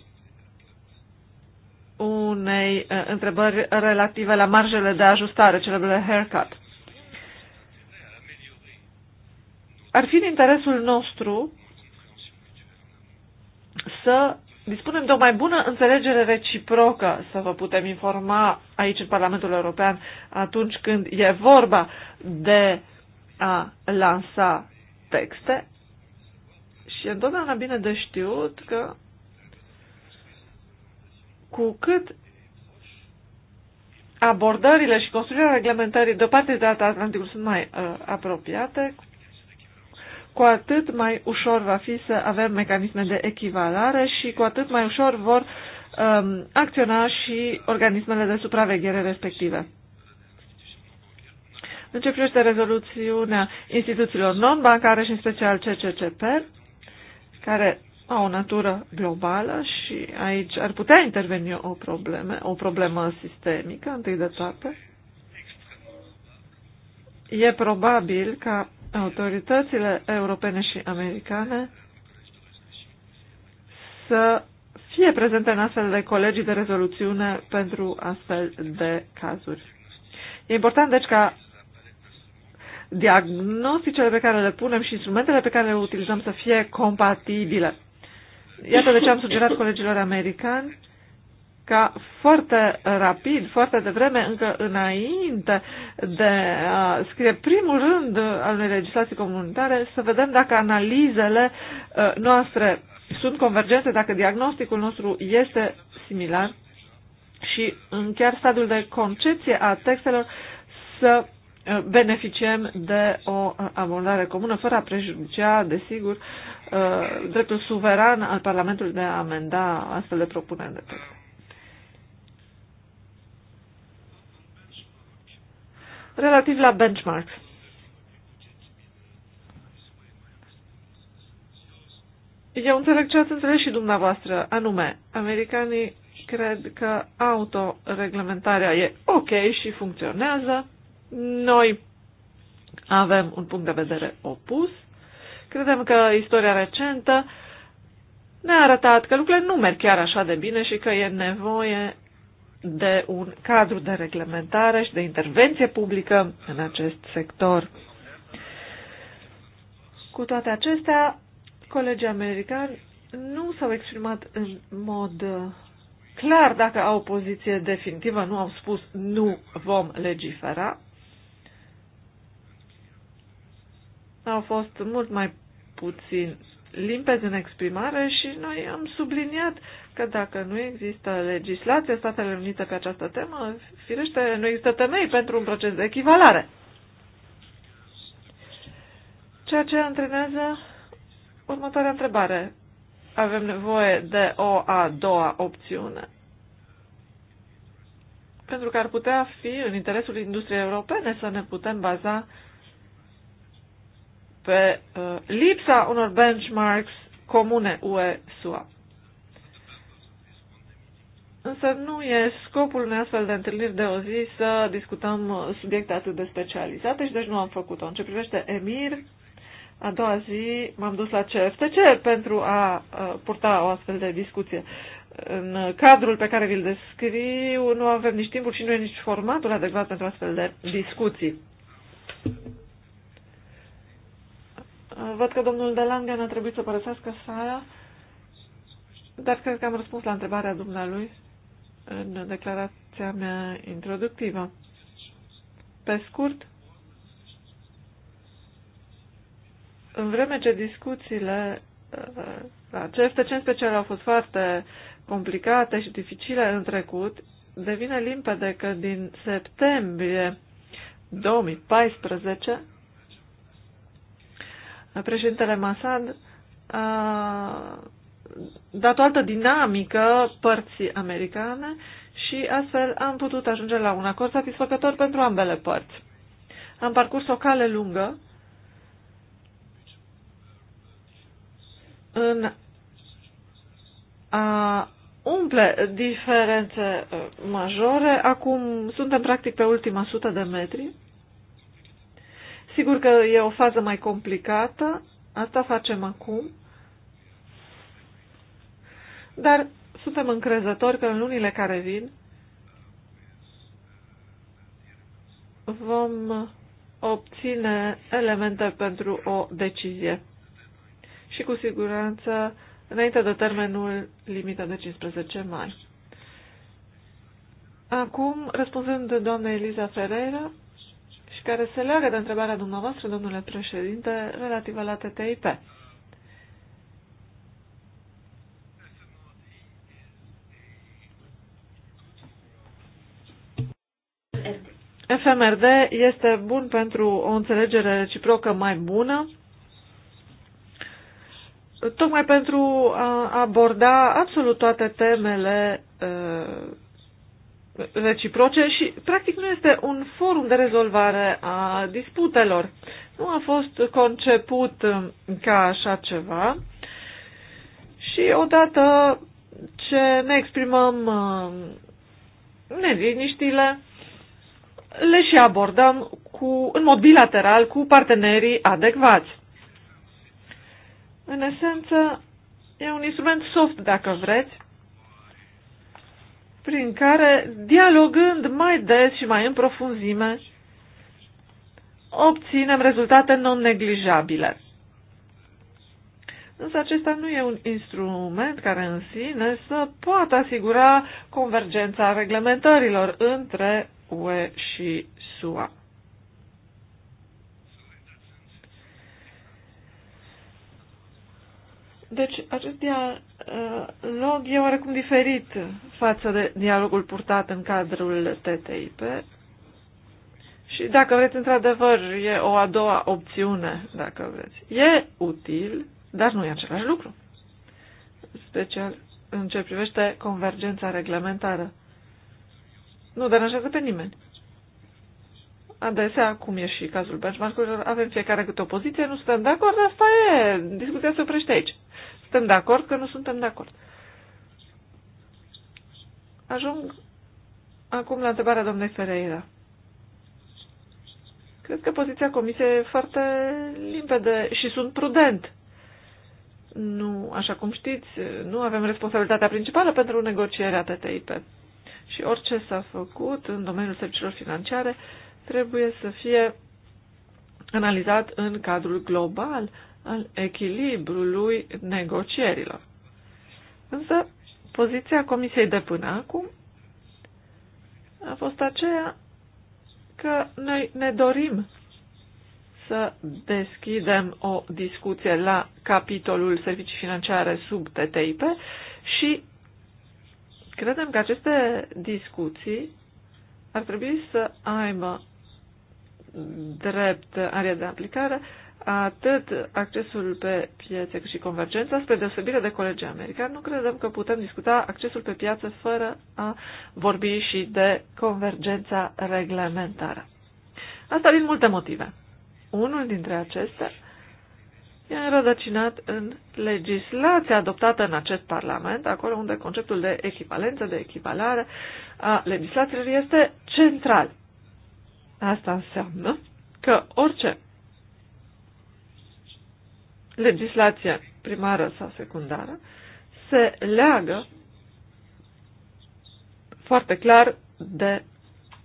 unei uh, întrebări relative la marjele de ajustare, celebrele haircut. Ar fi în interesul nostru să dispunem de o mai bună înțelegere reciprocă să vă putem informa aici în Parlamentul European atunci când e vorba de a lansa texte și e întotdeauna bine de știut că cu cât abordările și construirea reglementării de o parte de data Atlanticului sunt mai uh, apropiate, cu cu atât mai ușor va fi să avem mecanisme de echivalare și cu atât mai ușor vor um, acționa și organismele de supraveghere respective. În ce privește rezoluțiunea instituțiilor non-bancare și în special CCCP, care au o natură globală și aici ar putea interveni o, probleme, o problemă sistemică, întâi de toate, e probabil ca autoritățile europene și americane să fie prezente în astfel de colegii de rezoluțiune pentru astfel de cazuri. E important, deci, ca diagnosticele pe care le punem și instrumentele pe care le utilizăm să fie compatibile. Iată de ce am sugerat colegilor americani ca foarte rapid, foarte devreme, încă înainte de a scrie primul rând al unei legislații comunitare, să vedem dacă analizele uh, noastre sunt convergente, dacă diagnosticul nostru este similar și în chiar stadiul de concepție a textelor să uh, beneficiem de o abordare comună, fără a prejudicia, desigur, uh, dreptul suveran al Parlamentului de a amenda astfel de propuneri de text. relativ la benchmark. Eu înțeleg ce ați înțeles și dumneavoastră, anume, americanii cred că autoreglementarea e ok și funcționează. Noi avem un punct de vedere opus. Credem că istoria recentă ne-a arătat că lucrurile nu merg chiar așa de bine și că e nevoie de un cadru de reglementare și de intervenție publică în acest sector. Cu toate acestea, colegii americani nu s-au exprimat în mod uh, clar dacă au o poziție definitivă, nu au spus nu vom legifera. Au fost mult mai puțin limpezi în exprimare și noi am subliniat că dacă nu există legislație Statele Unite pe această temă, firește, nu există temei pentru un proces de echivalare. Ceea ce antrenează următoarea întrebare. Avem nevoie de o a doua opțiune. Pentru că ar putea fi în interesul industriei europene să ne putem baza pe uh, lipsa unor benchmarks comune UE-SUA. Însă nu e scopul unei astfel de întâlniri de o zi să discutăm subiecte atât de specializate și deci nu am făcut-o. În ce privește EMIR, a doua zi m-am dus la CFTC pentru a purta o astfel de discuție. În cadrul pe care vi-l descriu nu avem nici timpul și nu e nici formatul adecvat pentru astfel de discuții. Văd că domnul de Delangan a trebuit să părăsească sala, dar cred că am răspuns la întrebarea dumnealui în declarația mea introductivă. Pe scurt, în vreme ce discuțiile la ce în special au fost foarte complicate și dificile în trecut, devine limpede că din septembrie 2014 președintele Masad a dat o altă dinamică părții americane și astfel am putut ajunge la un acord satisfăcător pentru ambele părți. Am parcurs o cale lungă în a umple diferențe uh, majore. Acum suntem practic pe ultima sută de metri. Sigur că e o fază mai complicată. Asta facem acum dar suntem încrezători că în lunile care vin vom obține elemente pentru o decizie. Și cu siguranță înainte de termenul limită de 15 mai. Acum, răspunzând doamna Eliza Ferreira, și care se leagă de întrebarea dumneavoastră, domnule președinte, relativă la TTIP. FMRD este bun pentru o înțelegere reciprocă mai bună, tocmai pentru a aborda absolut toate temele uh, reciproce și, practic, nu este un forum de rezolvare a disputelor. Nu a fost conceput uh, ca așa ceva și, odată ce ne exprimăm uh, neliniștile, le și abordăm cu, în mod bilateral cu partenerii adecvați. În esență, e un instrument soft, dacă vreți, prin care, dialogând mai des și mai în profunzime, obținem rezultate non-neglijabile. Însă acesta nu e un instrument care în sine să poată asigura convergența reglementărilor între UE și SUA. Deci, acest dialog e oarecum diferit față de dialogul purtat în cadrul TTIP. Și dacă vreți, într-adevăr, e o a doua opțiune, dacă vreți. E util, dar nu e același lucru. Special în ce privește convergența reglementară nu deranjează pe nimeni. Adesea, cum e și cazul benchmark-urilor, avem fiecare câte o poziție, nu suntem de acord, asta e, discuția se oprește aici. Suntem de acord că nu suntem de acord. Ajung acum la întrebarea domnului Ferreira. Cred că poziția comisiei e foarte limpede și sunt prudent. Nu, așa cum știți, nu avem responsabilitatea principală pentru negocierea TTIP și orice s-a făcut în domeniul serviciilor financiare trebuie să fie analizat în cadrul global al echilibrului negocierilor. Însă, poziția Comisiei de până acum a fost aceea că noi ne dorim să deschidem o discuție la capitolul servicii financiare sub TTIP și Credem că aceste discuții ar trebui să aibă drept area de aplicare atât accesul pe piețe cât și convergența, spre deosebire de colegii americani, nu credem că putem discuta accesul pe piață fără a vorbi și de convergența reglementară. Asta din multe motive. Unul dintre acestea e înrădăcinat în legislația adoptată în acest Parlament, acolo unde conceptul de echivalență, de echivalare a legislațiilor este central. Asta înseamnă că orice legislație primară sau secundară se leagă foarte clar de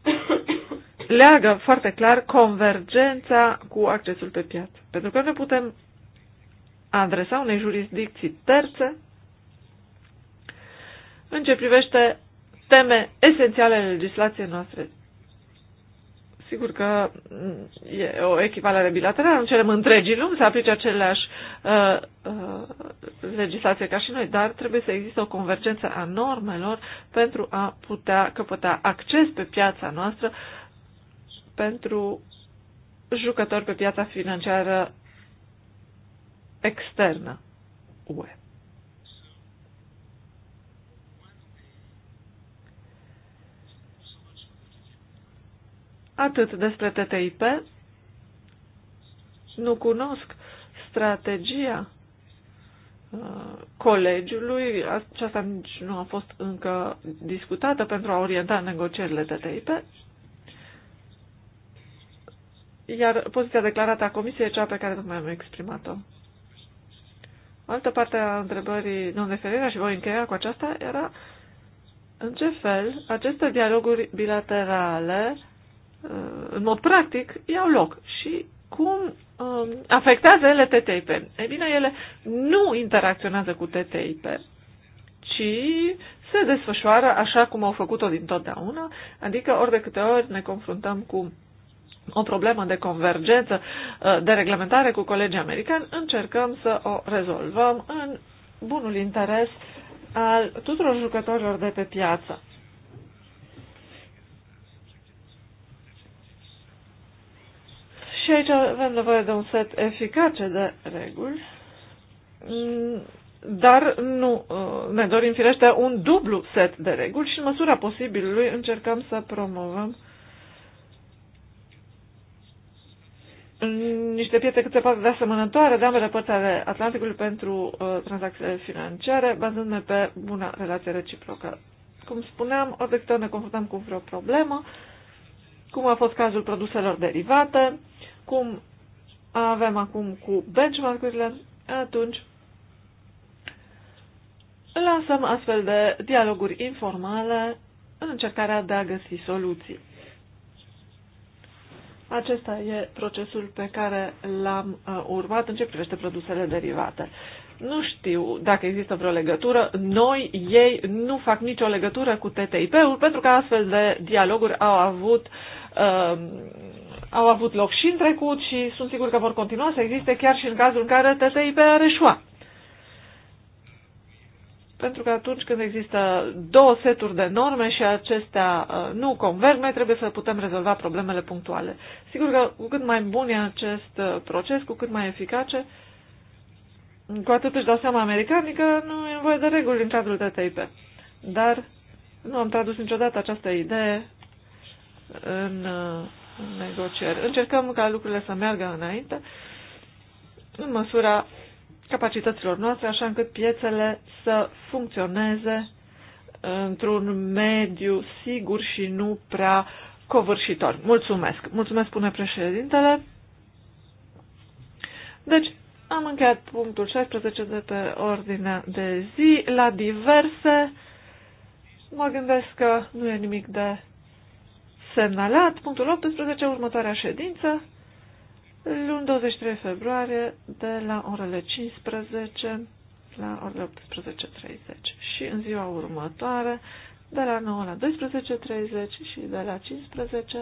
leagă foarte clar convergența cu accesul pe piață. Pentru că nu putem adresa unei jurisdicții terțe în ce privește teme esențiale în legislației noastre. Sigur că e o echivalare bilaterală, nu cerem întregii lumi să aplice aceleași uh, uh, legislație ca și noi, dar trebuie să existe o convergență a normelor pentru a putea căpăta acces pe piața noastră pentru jucători pe piața financiară externă UE. Atât despre TTIP. Nu cunosc strategia uh, colegiului, aceasta nici nu a fost încă discutată pentru a orienta negocierile TTIP, iar poziția declarată a Comisiei e cea pe care tocmai am exprimat-o altă parte a întrebării domnului Ferreira și voi încheia cu aceasta era în ce fel aceste dialoguri bilaterale uh, în mod practic iau loc și cum um, afectează ele TTIP. Ei bine, ele nu interacționează cu TTIP, ci se desfășoară așa cum au făcut-o dintotdeauna, adică ori de câte ori ne confruntăm cu o problemă de convergență, uh, de reglementare cu colegii americani, încercăm să o rezolvăm în bunul interes al tuturor jucătorilor de pe piață. Și aici avem nevoie de un set eficace de reguli, mm, dar nu uh, ne dorim firește un dublu set de reguli și în măsura posibilului încercăm să promovăm niște piețe cât se poate de asemănătoare de ambele părți ale Atlanticului pentru uh, tranzacțiile financiare, bazându-ne pe buna relație reciprocă. Cum spuneam, ori de câte ori ne confruntăm cu vreo problemă, cum a fost cazul produselor derivate, cum avem acum cu benchmark-urile, atunci lansăm astfel de dialoguri informale în încercarea de a găsi soluții. Acesta e procesul pe care l-am uh, urmat în ce privește produsele derivate. Nu știu dacă există vreo legătură. Noi, ei, nu fac nicio legătură cu TTIP-ul, pentru că astfel de dialoguri au avut, uh, au avut loc și în trecut și sunt sigur că vor continua să existe chiar și în cazul în care TTIP a reșuat pentru că atunci când există două seturi de norme și acestea uh, nu converg, noi trebuie să putem rezolva problemele punctuale. Sigur că cu cât mai bun e acest uh, proces, cu cât mai eficace, cu atât își dau seama americanii că nu e nevoie de reguli în cadrul TTIP. Dar nu am tradus niciodată această idee uh, în negocieri. Încercăm ca lucrurile să meargă înainte în măsura capacităților noastre, așa încât piețele să funcționeze într-un mediu sigur și nu prea covârșitor. Mulțumesc! Mulțumesc, spune președintele. Deci, am încheiat punctul 16 de pe ordinea de zi. La diverse, mă gândesc că nu e nimic de semnalat. Punctul 18, următoarea ședință, luni 23 februarie de la orele 15 la orele 18.30 și în ziua următoare de la 9 la 12.30 și de la 15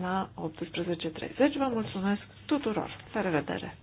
la 18.30. Vă mulțumesc tuturor! La revedere!